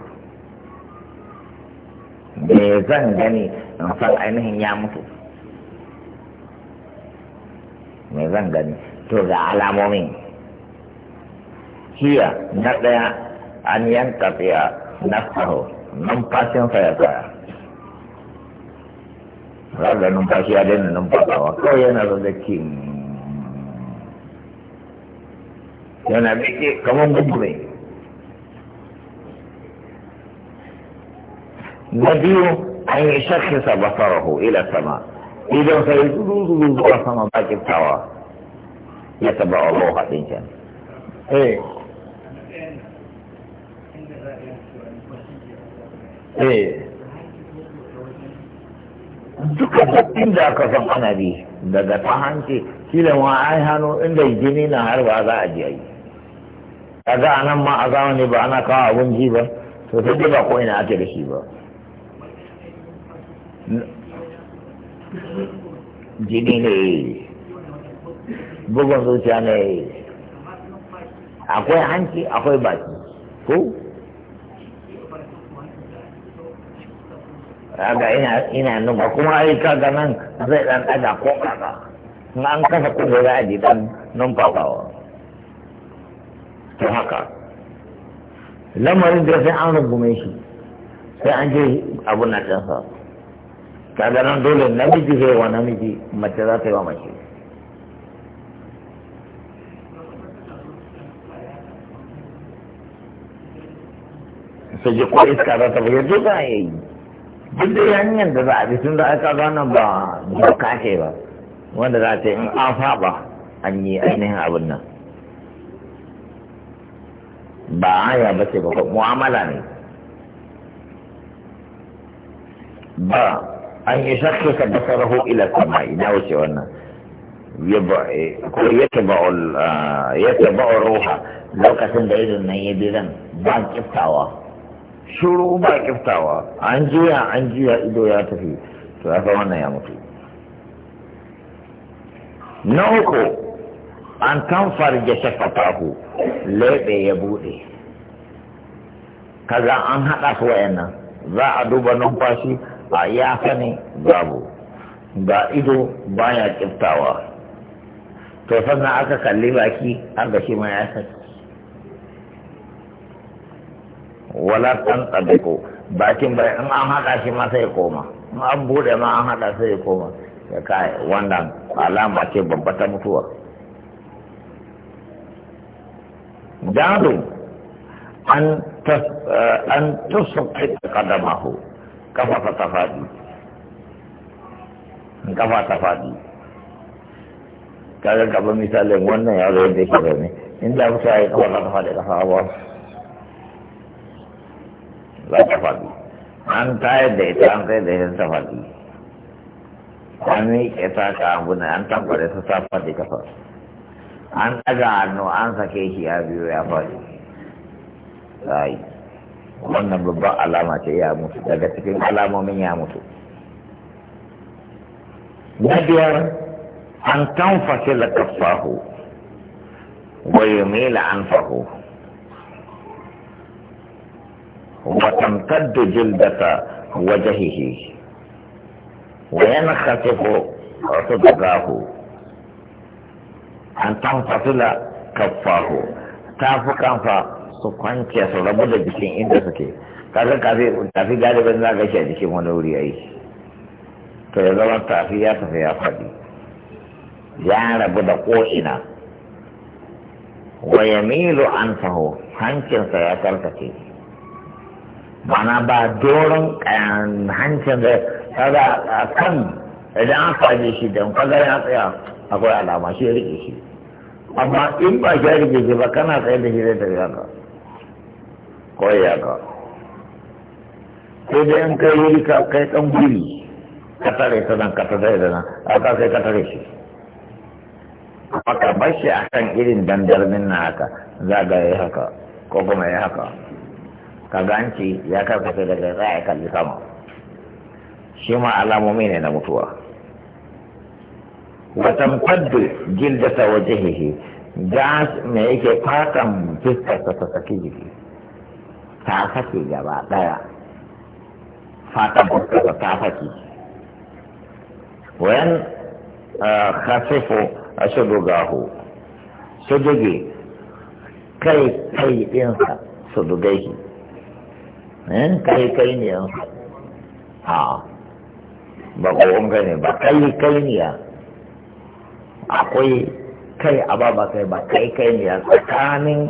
me zan gani in san ainihin ya mutu me zan gani to ga alamomin hiya na ɗaya an yanka tsaya na faho numfashinsa ya tsaya raga numfashi ya daina numfasawa kawai yana ki yana biki kamar gudu ne na biyu an yi shakhisa basarahu ila sama idan sai zuzu zuwa sama bakin tawa ya taba Allah hadin can eh eh duka dattin da aka san ana bi daga ta hanci shi kila ma ai hannu inda jini na har ba za a je yi kaga anan ma a zamani ba ana kawo abun ji ba to sai ba ko ina ake da shi ba jini ne bugun zuciya ne akwai hanci akwai baki ko kaga ina ina nufa kuma ai kaga nan zai dan daga ko kaga in an kasa kuma za a ji dan numfafawa to haka lamarin da sai an rungume shi sai an je abu na ɗansa kaga nan dole namiji zai wa namiji mace za ta yi wa mace sai ji ko iska za ta bayar duk ya yi duk da hanyar da za a bi tun da aka gana ba doka ce ba wanda za ta yi in an faɓa an yi ainihin abin nan ba ya ba ce ba mu'amala ne ba an yi shakka basarahu ila sama ina wuce wannan eh, ko ya taba ah, ruha lokacin da irin nan ya biran ba kiftawa shuru ba kiftawa an juya an juya ido ya tafi to ya fa wannan ya mutu na uku an tamfar shafafa ku, leɓe ya buɗe kaga an haɗa su wayannan za a duba numfashi a ya sani babu ga ido baya kiftawa to sannan aka kalli baki an ga shi ma ya sani wala tan tabiko bakin bai in an haɗa shi ma sai koma in an buɗe ma an haɗa sai koma ya kai wannan alama ce babba ta mutuwa jadu an da eh, kadamahu kafa ta faɗi kafa ta faɗi kaga kamar misali wannan ya zo yadda yake zaune inda musa ya kafa ta faɗi kafa ba za ta faɗi an tayar da ita an tayar da ita ta faɗi an yi ta ka abu ne an tabbare ta ta kafa an ɗaga hannu an sake shi ya biyo ya fadi Right. wannan babban alama ce ya mutu daga cikin alamomin ya mutu na biyar an tanfashe da kafahu wa yumila anfahu wa tamtaddu jildata wajhihi wa daga hu an da kafahu ta fi kanfa su kwanciya su rabu da jikin inda suke kaga kafi tafi galibin za ga shi a jikin wani wuri a yi to ya zama tafi ya tafi ya faɗi ya rabu da ko'ina wa ya milo an taho hancinsa ya karkace mana ba doron eh, hancin da kaga a kan idan an fage shi don kaga ya tsaya akwai alama shi ya rike shi amma in ba shi ya rike shi ba kana tsaye da shi zai tafi haka koya ka sai dai an kai wuri ka kai dan guri ka tare ta nan ka tare da nan a ka kai ka tare shi haka bar shi a kan irin dandarmin na haka za ga ya haka ko kuma ya haka ka ganci ya karkace daga za a kalli sama shi ma alamomi ne na mutuwa ta waje hehe gas me yake fatan fuskarsa ta saki jiki ta sake gaba daya fata bukata ta sake wayan khasifu a gahu gaho su kai kai din su dugai eh kai kai ne Ba ko ba kowon ne ba kai kai ne ya akwai kai a ba ba kai ba kai kai ne ya tsakanin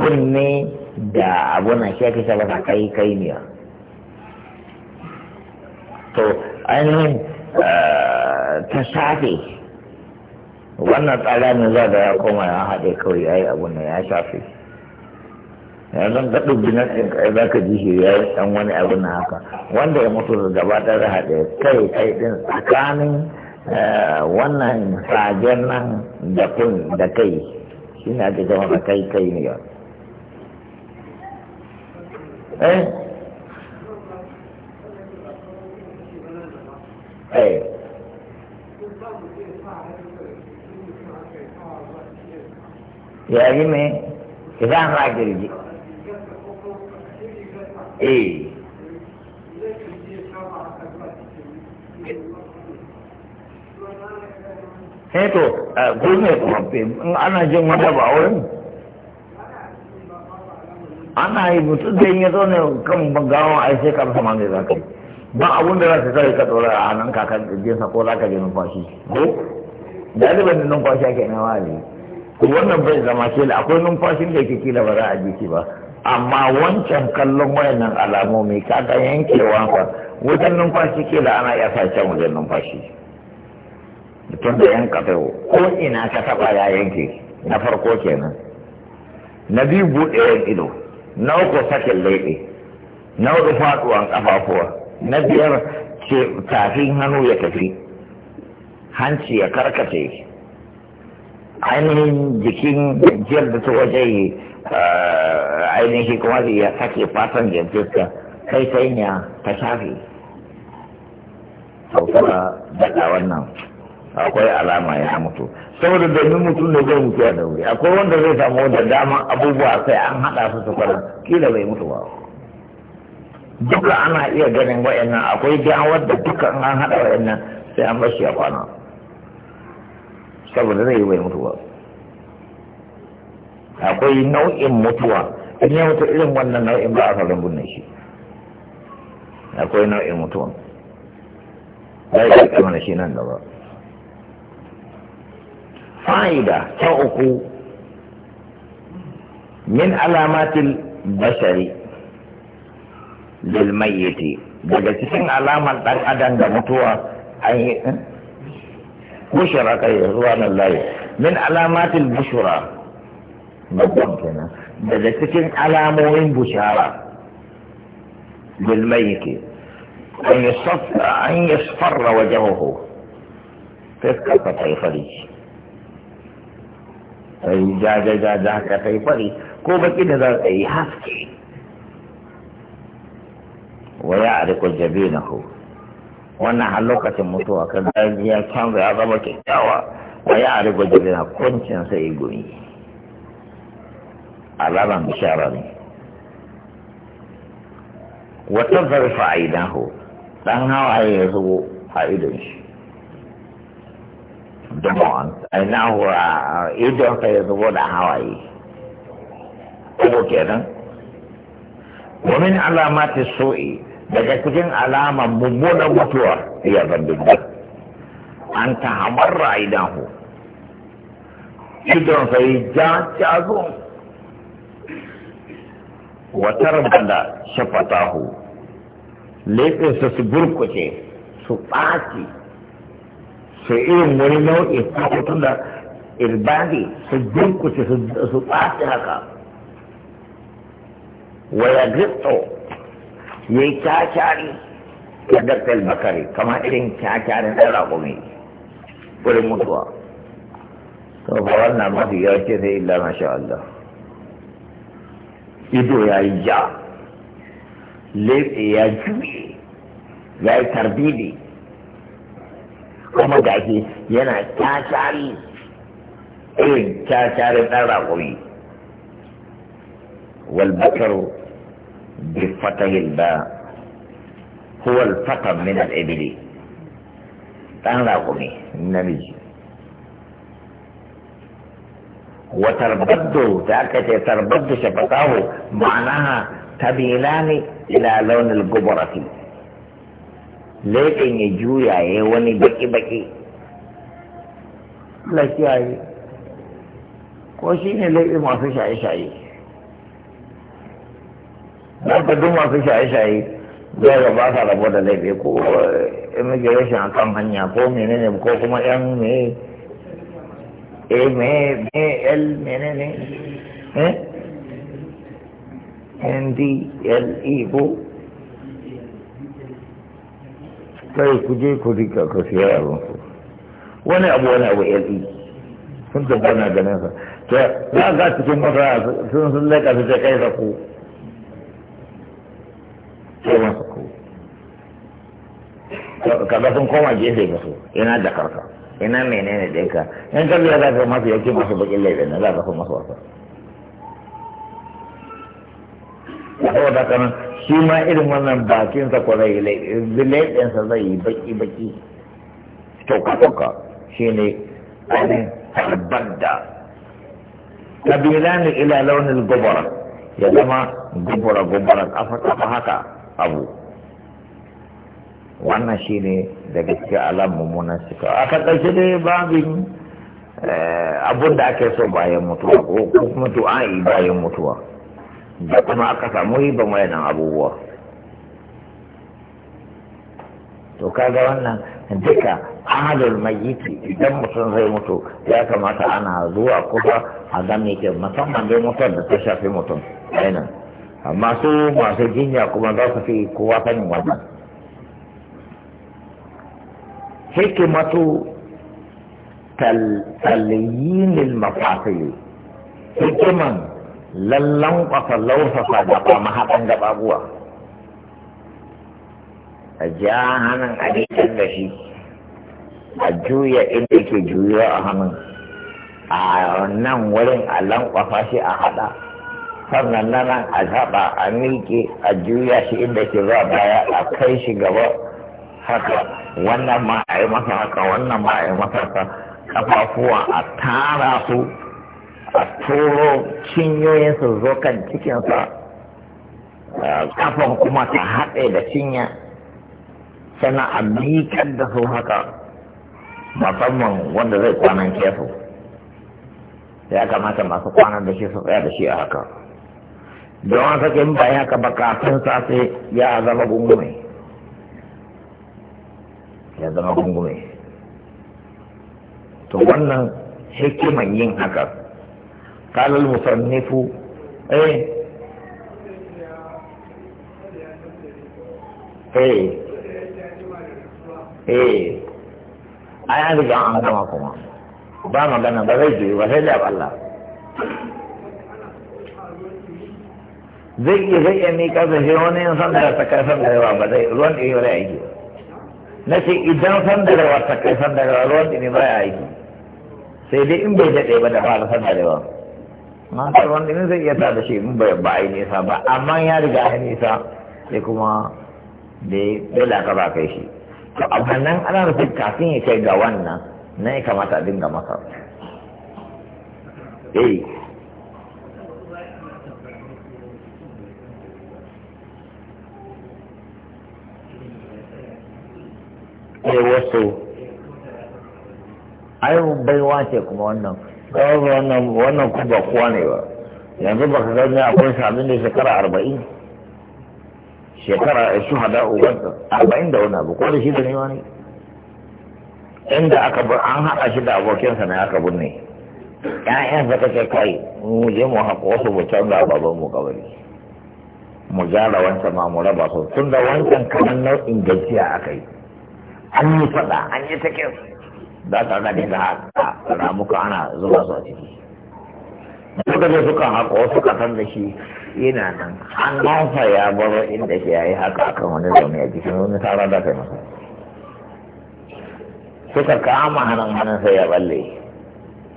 kunne da abunan shi ake shabata kai kai ne to ainihin eh, ta shafe wannan ne za da ya koma ya haɗe kawai ya yi abun ya shafe yanzu ga ɗubbi na ɗin za ka ji shi ya yi ɗan wani abu na haka wanda ya mutu da gaba da haɗe kai kai ɗin tsakanin eh, wannan sajen nan da kun da kai shi ne ake zama kai kai ne yau eh eh ya gini kita lagi di eh Itu, gue ini kumpul, anak jangan ada bau ini. ana yi mutum da ya zo ne kan gawa a sai ka rasa mai za ka yi ba abun da za ka sai ka tsora a nan kakan sa ko za ka je numfashi ko ɗaliban da numfashi ake na wani wannan bai zama ke da akwai numfashin da ke kila ba za a ji ba amma wancan kallon wayannan alamomi ka ga yankewa ka wajen numfashi da ana iya sa can wajen numfashi mutum da yan kafe ko ina ka taɓa ya yanke na farko kenan na biyu buɗe ido na uku sakin laifi na hudu faduwan kafafuwa na biyar tafin hannu ya tafi hanci ya karkace ainihin jikin jiyar da ta waje eh, ainihin kuma ya sake fatan jinsinka kai sai ya ta shafi sau daɗa wannan akwai alama ya mutu saboda domin mutum da zai mutu a daure akwai wanda zai samu da dama abubuwa sai an haɗa su su kwanan kila bai mutu ba duka ana iya ganin wa'annan akwai gawar da duka an haɗa wa'annan sai an bashi a kwana saboda zai yi bai mutu ba akwai nau'in mutuwa in ya mutu irin wannan nau'in ba a farin bunne shi akwai nau'in mutuwa zai yi kamar shi nan ba. fa'ida ta uku min alamatil bashari lil mayyiti daga cikin alamar dan adam da mutuwa an yi eh? bushra kai zuwa nan layi min alamatil bushra babban kenan daga cikin alamomin bushara lil mayyiti an yasfarra wajahu fiskar ta yi fari ta yi jajajaja haka ta yi fari ko baki da za ta yi haske wa ya a rikon jabe na hu wannan har lokacin mutuwa kan zai ya canza ya zama kyakkyawa wa ya a rikon jabe na kuncin sai gumi alaman bishara ne wata zarfa a idan hu dan hawaye ya zubo a idon shi dumon aina hura idon ka ya zubo da hawaye ko kenan ومن علامات السوء daga cikin alaman mummunan mutuwa ya zambinda an ta hamarra hu idon sai ja jazo watar bada shafatahu leɓinsa su burkuce su ɓaci sai irin wani nau'i tun da irbadi su jinkuce su ɓaci haka waya gitso ya yi kyakkyari ya daktar bakari kamar irin cacarin ɗan raƙumi wurin mutuwa to fa wannan mafi yawanci sai illa masha Allah ido ya yi ja lefe ya juye ya yi tarbidi kuma da ake yana kyakkyari irin kyakkyari ɗan raƙuri والبكر بفتح الباء هو الفقر من الإبل تنرغمي النبي وتربد ذاك تربد شفتاه معناها تبيلان إلى لون القبرة leƙen ya juya ya wani baki-baki lafiyaye ko shi ne leƙe masu shaye-shaye ba ka duk masu shaye-shaye zai ga ba sa rabo da laifi ko eh, immigration a kan hanya ko menene ko kuma yan me e me me el menene eh ndle ko kai kuje je ku rika ku siya yaron wani abu wani abu ya tsi e. sun tabbana ganin sa to za ga cikin masara sun sun leka su ce kai sa ku sai masa ku kaga sun koma gefe ga su yana da karka ina menene da ka yan kalliya za ka masu yake masu bakin laifin na za ka fi masu wasa saboda kanan shi ma irin wannan bakinsa kwarai leɓensa zai yi baki-baki toka-toka shi ne ainihin da kabila ne ila launin gubara ya zama gubara-gubara kafa-kafa haka abu wannan shi ne daga cikin alam mummunan suka a takaice dai babin eh, abun da ake so bayan mutuwa ko kuma du'a'i bayan mutuwa da kuma aka samu riban wayanan abubuwa to kaga wannan duka adal mayiti idan mutum zai mutu ya kamata ana zuwa kusa a ga me ke musamman dai mutuwar da ta shafi mutum ainihin amma su masu jinya kuma za su fi kowa sanin wannan hikimatu talyinil mafasili hikiman lallan kwasa lausasa ba mahaɗan da buwa a ja hannun a jikin da shi a juya inda ke juyo a hannun a nan wurin a lankwafa shi a haɗa sannan na nan a haɗa a miƙe a juya shi inda ke zuwa baya a kai shi gaba haka wannan ma a yi masa haka wannan ma a yi masa haka kafafuwa a tara su a turo cinyoyin su zo kan cikinsa kafan kuma ta haɗe da cinya sannan a miƙar da su haka musamman wanda zai kwanan kefu ya kamata masu kwanan da shi su tsaya da shi a haka don haka in ba haka ba kafin safe ya zama gungume ya zama gungume to wannan hikiman yin haka قال المصنف ايه ايه ba magana ba zai jiyo ba sai da Allah zai iya zai iya mi kasa wani yin san da ta san da ba zai ruwan ɗin yau aiki na ce idan san da rawa kai san da ruwan ɗin ba ya aiki sai dai in bai daɗe ba da ba san da rawa mantar wanda ne zai iya ta shi in bai nisa ba amma ya riga nisa sai kuma da ya dole ka kai shi ana rufe kafin ya kai ga wannan nan ya dinga masa eh wasu ce kuma wannan wannan ku ba ne ba yanzu ba ka gani akwai sami da shekara arba'in shekara su hada uban arba'in da wani abu ko da shi da ne wani inda aka bar an haɗa shi da abokinsa ne aka binne ƴaƴansa kake kai mu je mu haƙa wasu mu canza baban mu kawai mu gyara wancan ma mu raba su tun da wancan kamar nau'in gajiya aka yi an yi faɗa an yi ta kyau za su ana da za ramuka ana zuba su a ciki suka je suka haƙo suka san da shi yana nan an nasa ya baro inda shi ya yi haka akan wani zaune a jikin wani tara da kai masa suka kama hannun hannun sai ya balle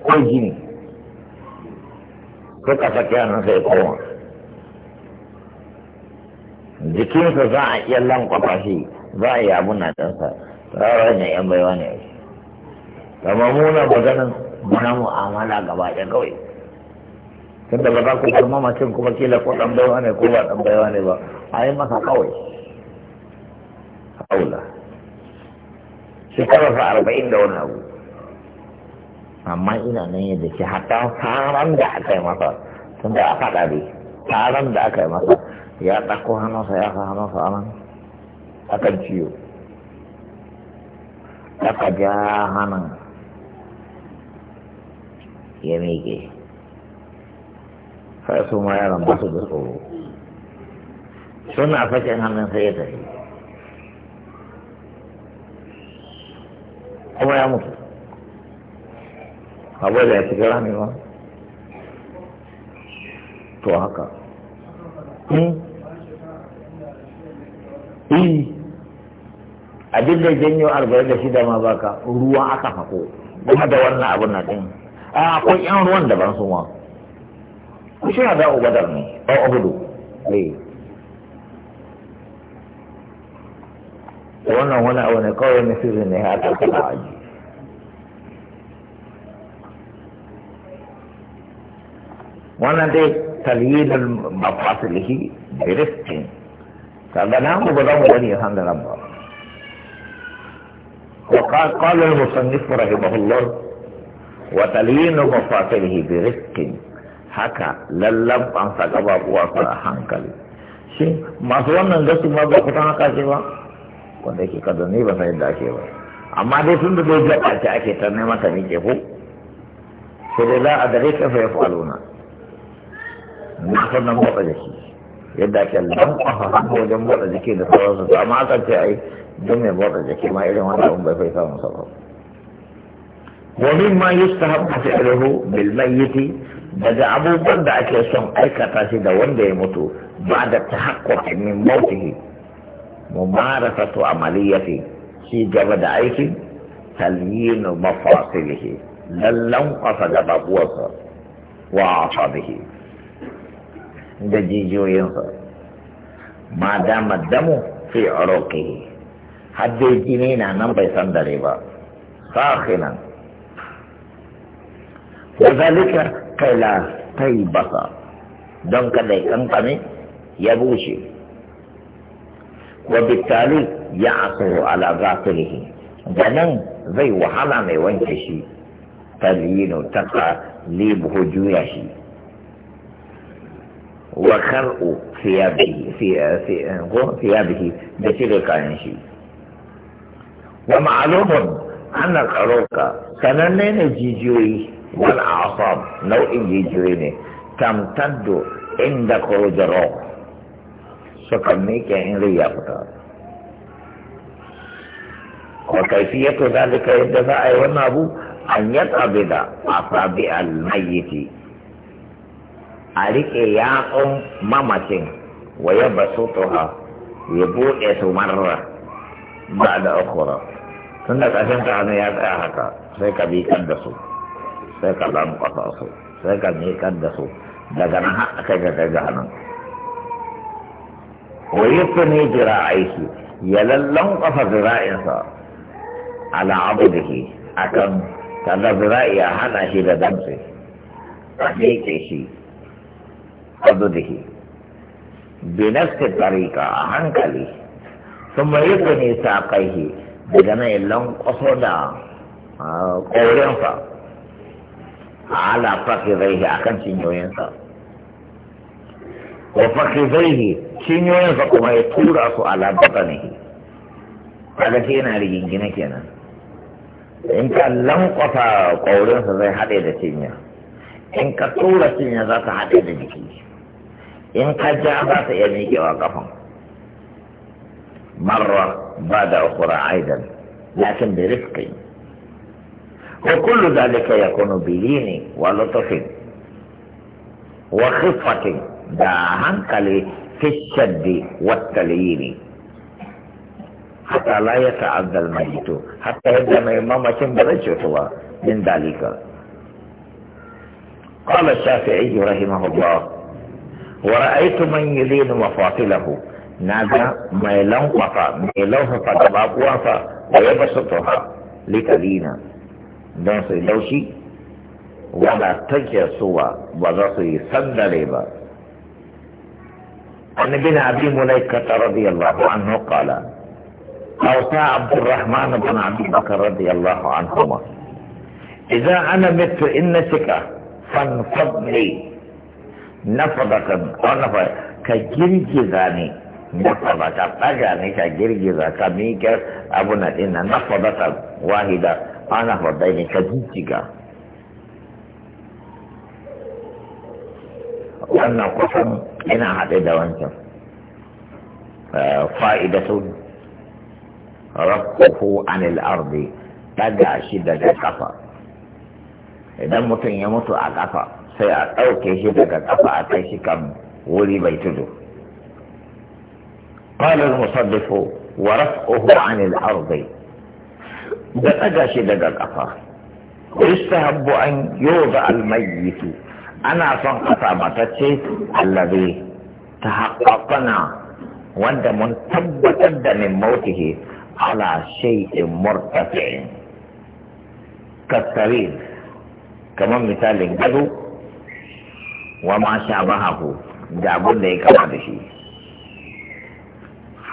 ko jini suka sake hannun sai koma jikinsa za a iya lankwafa shi za a yi abun na ɗansa rarar ne yan baiwa ne amma muna maganan muna mu'amala gaba ɗaya kawai tunda ba za ku bar mamacin kuma kila ko ɗan baiwa ne ko ba ɗan baiwa ne ba a yi masa kawai haula shekarar sa arba'in da wani abu amma ina nan yadda ke hatta taron da aka yi masa tunda a faɗa dai taron da aka yi masa ya ɗako hannunsa ya sa hannunsa a nan akan ciwo aka ja hannun ya miƙe sai su ma yaran ba su da tsoro suna fashin hannun sai ya tafi kuma ya mutu abu da ya shiga rami ba to haka hmm? eh. a duk da janyo arba'in da shida ma baka ruwa aka hako kuma da wannan abin na ɗin a akwai yan ruwan da ban su ma ku shi da u badar ne ko uhudu eh wannan wani abu ne kawai na sirri ne ya ta kuma aji wannan dai talyilul mafasilihi bi rifqin kaga nan ba za mu wani ya san da nan ba وقال قال المصنف رحمه الله wa talinu mafafirhi bi riskin haka lallaban sa gaba kuwa a hankali shi masu wannan gasu ma ba kusan haka ce ba wanda yake kada ne ba sai da ake ba amma dai sun da dole gaba ce ake ta neman ta nike ko sai da la a dare ka fa ya faluna na san nan da jiki yadda ake lamba wajen motsa jiki da sauransu amma aka ce ai don mai motsa jiki ma irin wannan abin bai fai samun sauransu ومما يستحب فعله بالميت بدا ابو بردا اكي سون اي كاتاسي وندا يموتو بعد التحقق من موته ممارسة عملية في جبا دا ايكي تلين مفاصله للم قصد بابوصه وعصابه دا جيجو ينصر ما دام الدم في عروقه حد جنينا نمبي سندري با ساخنا da kaila kai basa don kada ya kankane ya bushe wa bittali ya asahu ala zafirihi da nan zai wahala mai wanke shi talino taka libuhu juya shi wa kar'u fiyabihi da cire kayan shi wa ma'alumun ana tsaron ka sananne ne jijiyoyi wal asab nau'in jijiyoyi ne tamtaddu inda kurujin roh suka miƙe in rai ya fita wa to zalika yadda za a yi wannan abu an yatsabida asabi al a riƙe yatsun mamacin wa ya basutuha ya buɗe su marra ba da ukura tun da ƙarshen ta hannu ya tsaya haka sai ka miƙar da su sai ka lamu ƙasa su sai ka miƙar da su daga nan haka kai ga kai ga hannun wa yi ne jira aiki ya lallan ƙafa zira'insa ala abu da ke akan kada zira'i ya hana shi da damtse a miƙe shi abu da ke binafsi tarika a hankali sun mai yi ne sa kai daga nan ilan kwaso da a ala fakiraihi a kan cinyoyinsa wa fakiraihi cinyoyinsa kuma ya tura su ala ne kaga ke yana rigingine kenan in ka lankwasa ƙaurinsa zai haɗe da cinya in ka tura cinya za ta haɗe da jiki in ka ja za ta iya miƙewa kafan مرة بعد أخرى أيضا لكن برفق وكل ذلك يكون بليني ولطفي وخفتي دا هنكلي في الشد والتليين حتى لا يتعدى الميت حتى يبدأ ما يمام هو من ذلك قال الشافعي رحمه الله ورأيت من يلين مفاصله na ga mai lankwafa mai laufafa da bakuwafa da ya basu toha likalina don su laushi wala take suwa ba za su yi sandare ba عن ابن ابي مليكه رضي الله عنه قال اوصى عبد الرحمن بن ابي بكر رضي الله عنهما اذا انا مت انتك فانفض لي نفضك او dafa ba ta ɗaga ne ka girgiza ka miƙar abu na dina nan ba ta wahida ana faɗa ne ka ka wannan kusan yana haɗe da wancan fa'ida eh, fa'idatun rakuhu anil ardi ɗaga shi daga kafa idan mutum ya mutu a kafa sai a ɗauke shi daga kafa a kai shi kan wuri bai tudu قال المصدف ورفعه عن الأرض دقا شدد الأخر يستحب أن يوضع الميت أنا فانقطع متتشي الذي تحققنا وانت منتبت من موته على شيء مرتفع كالسرير كما مثال الجدو وما شابهه ده أبو كما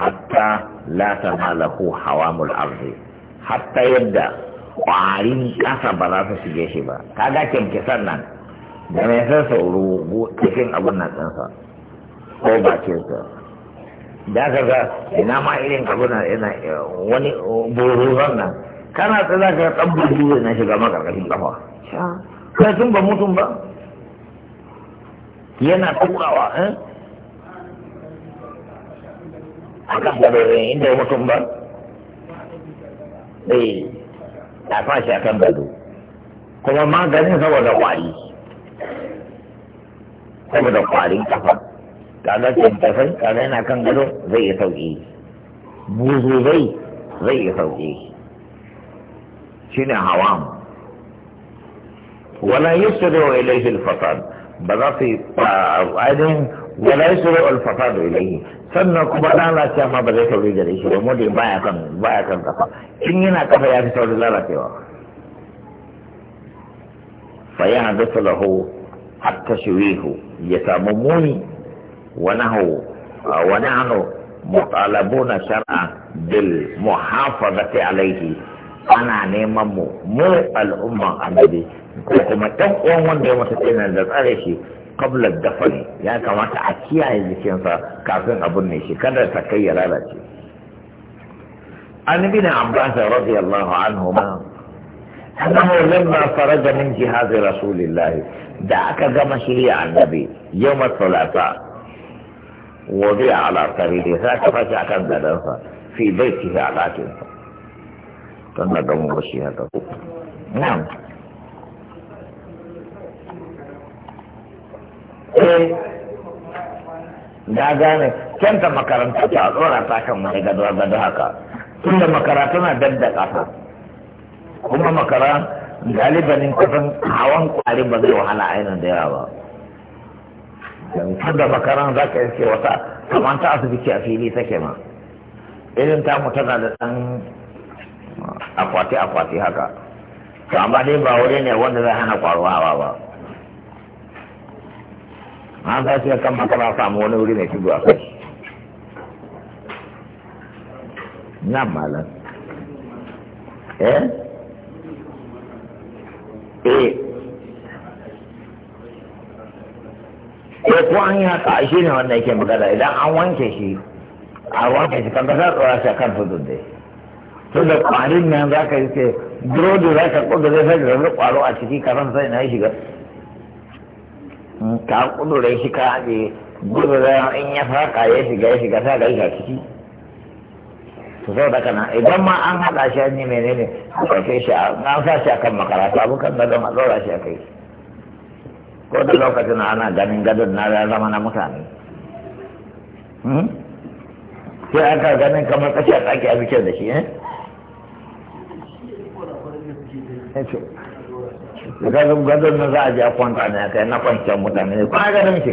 hatta la tanalahu hawamul ardi hatta yadda ƙwarin ƙasa ba za su shige shi ba ka ga kyankyasan nan da mai san sauro cikin abin nan ɗansa ko ba bakinsa da ka ga ina ma irin abin yana wani uh, bururan nan kana ta za ka ɗan buru na shiga makarkashin ƙafa. kai tun ba mutum ba yana turawa eh Akan kan ne inda ya mutum ba eh a fashi akan gado kuma maganin saboda kwari saboda kwarin kafa kaga kyankyasai kaga yana kan gado zai yi sauki buzu zai zai yi sauki shine hawam wala yusri'u ilayhi al-fasad ba za su yi ainihin da la yusru al da ilayhi sannan kuma lalacewa ma ba zai kauri da shi ba mudin baya kan baya kan kafa in yana kafa ya fi saurin lalacewa fa ya hadasa lahu hatta shuwihu ya samu muni wa wani wa nahnu na shar'a bil muhafazati alayhi ana neman mu mu al'umma annabi ko kuma dan uwan wanda ya mutu kenan da tsare shi قبل الدفن يا كما اللي يجيكين كاتبين أبني شي كذا تكي لا عن النبي عباس رضي الله عنهما أنه لما فرج من جهاز رسول الله دعك كما شريع النبي يوم الثلاثاء وضع على سريره ذاك فجاء كان في بيته على كنفه كان دمه هذا نعم da eh, gane kenta makaranta ta tsora ta kan mai gado-gado haka tunda makara tana dadda ƙasa kuma makara galibanin kusan hawan kwari ba zai wahala ainihin da yawa ba tunda makaranta za ka ce wata kamar ta asibiti a fili ke ma irin tamu tana da ɗan akwati-akwati haka to amma dai ba wuri ne wanda zai hana kwaruwa ba an za su ya kan samu wani wuri ne tudu a kai nan malam eh eh ko an yi haka shi ne wanda yake magana idan an wanke shi a wanke shi kan kasar tsora shi a kan tudun dai to da kwarin nan za ka yi ce burodi za ka kudu zai sai da kwaro a ciki karan sai na yi shiga ka kudura shi ka haɗe gudura in ya faka ya shiga ya shiga ta gaisa ciki to sau da kana idan ma an haɗa shi ne menene haka kai shi a sa shi kan makarata abokan da zama ɗora shi a kai ko da lokacin ana ganin gadon na zama na mutane hmm? sai aka ganin kamar kashi a tsaki a bikin da shi eh da kaga gadon na za a je a kwanta ne kai na kwanciyar mutane ne kuma ga namshi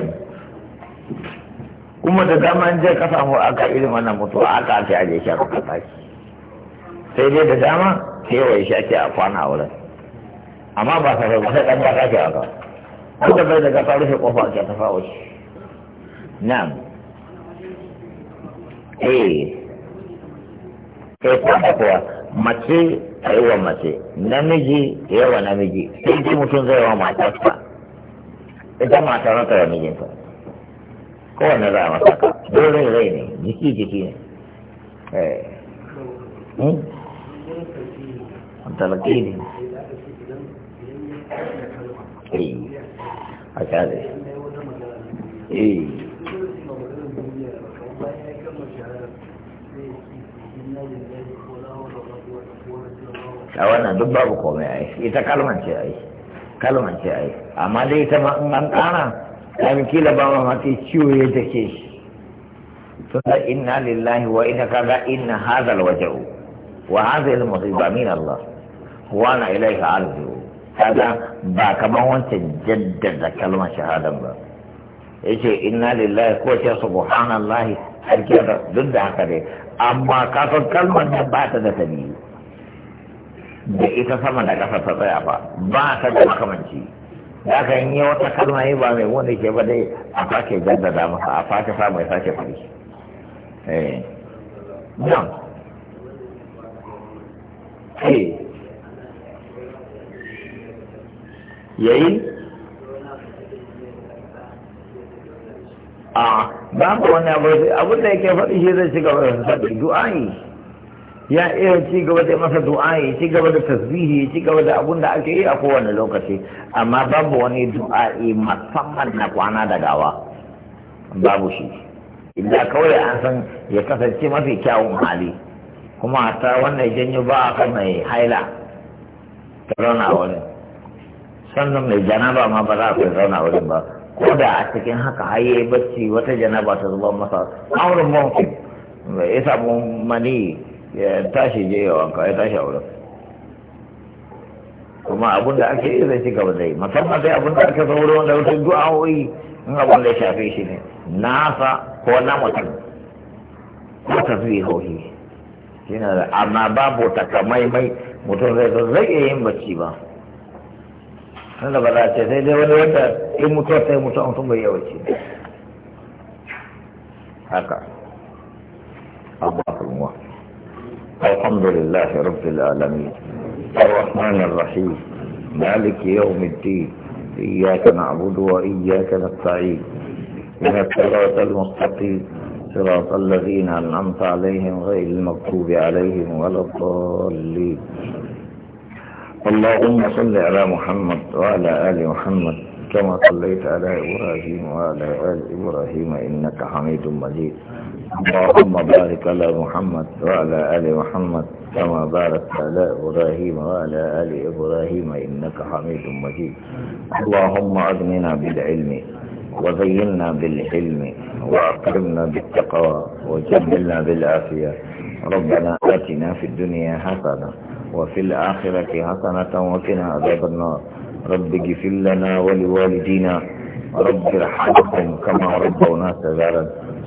kuma da dama in je ka samu aka irin wannan mutuwa aka ake je shi aka kuka sai dai da dama wai shi ake a kwana a wurin amma ba sa ba sai ɗan ba ke aka ko da bai daga ta shi kofa ake ta fawo shi na'am eh kai kwa da mace a yi wa mace namiji ya wa namiji sai ji mutum zai wa matarsa ita matar ta wa mijinta kowane za a masa ka dole rai ne jiki jiki ne eh. hmm? talaki ne eh. a kyale a wannan duk babu komai a yi ita kalman ce a yi kalman ce a yi amma dai ita ma in an ƙara kila ba mace ciwo ya ke. shi tunda inna lillahi wa inna kaga inna hadha alwaja'u wa hadha almusiba min Allah wa ana ilayka arju kaga ba kaman wancan jaddada kalmar shahadan ba yace inna lillahi ko ce subhanallahi har duk da haka dai amma kafin kalmar nan ba ta da tabi'i da ita sama da kasa ta tsaya ba ba ta da makamanci da aka yi wata kalma yi ba mai wanda ke ba dai a sake jaddada masa a fake samu ya sake faɗi eh. nan eh. yayi a ah, ba ku wani abu da yake faɗi shi zai ci gaba da faɗi du'a'i ya iya ci gaba da masa du'a ya ci gaba da tasbihi ya ci gaba da abun da ake yi a kowane lokaci amma babu wani du'a'i musamman na kwana da gawa babu shi idan kawai an san ya kasance mafi kyawun hali kuma ta wannan janyo ba a kan mai haila ta zauna wurin sannan mai janaba ma ba za a kai zauna wurin ba ko da a cikin haka haye bacci wata janaba ta zuba masa auren mawkin ya samu mani ya tashi je ya wanka ya tashi a wurin kuma abin da ake yi zai ci gaba zai musamman sai abin da ake san wurin wanda wuce du'a'o'i in abin da ya shafe shi ne nasa ko na mutum ko tasbihohi da amma babu takamaimai mutum zai zo zai iya yin bacci ba da ba za ce sai dai wani wanda in mutuwa sai mutuwa mutum bai yawanci haka abuwa الحمد لله رب العالمين الرحمن الرحيم مالك يوم الدين إياك نعبد وإياك نستعين من الصراط المستقيم صراط الذين أنعمت عليهم غير المكتوب عليهم ولا الضالين اللهم صل على محمد وعلى آل محمد كما صليت على إبراهيم وعلى آل إبراهيم إنك حميد مجيد اللهم بارك على محمد وعلى آل محمد كما باركت على إبراهيم وعلى آل إبراهيم إنك حميد مجيد اللهم أغننا بالعلم وزينا بالحلم وأكرمنا بالتقوى وجملنا بالعافية ربنا آتنا في الدنيا حسنة وفي الآخرة حسنة وقنا عذاب النار رب اغفر لنا ولوالدينا رب ارحمهم كما ربونا صغارا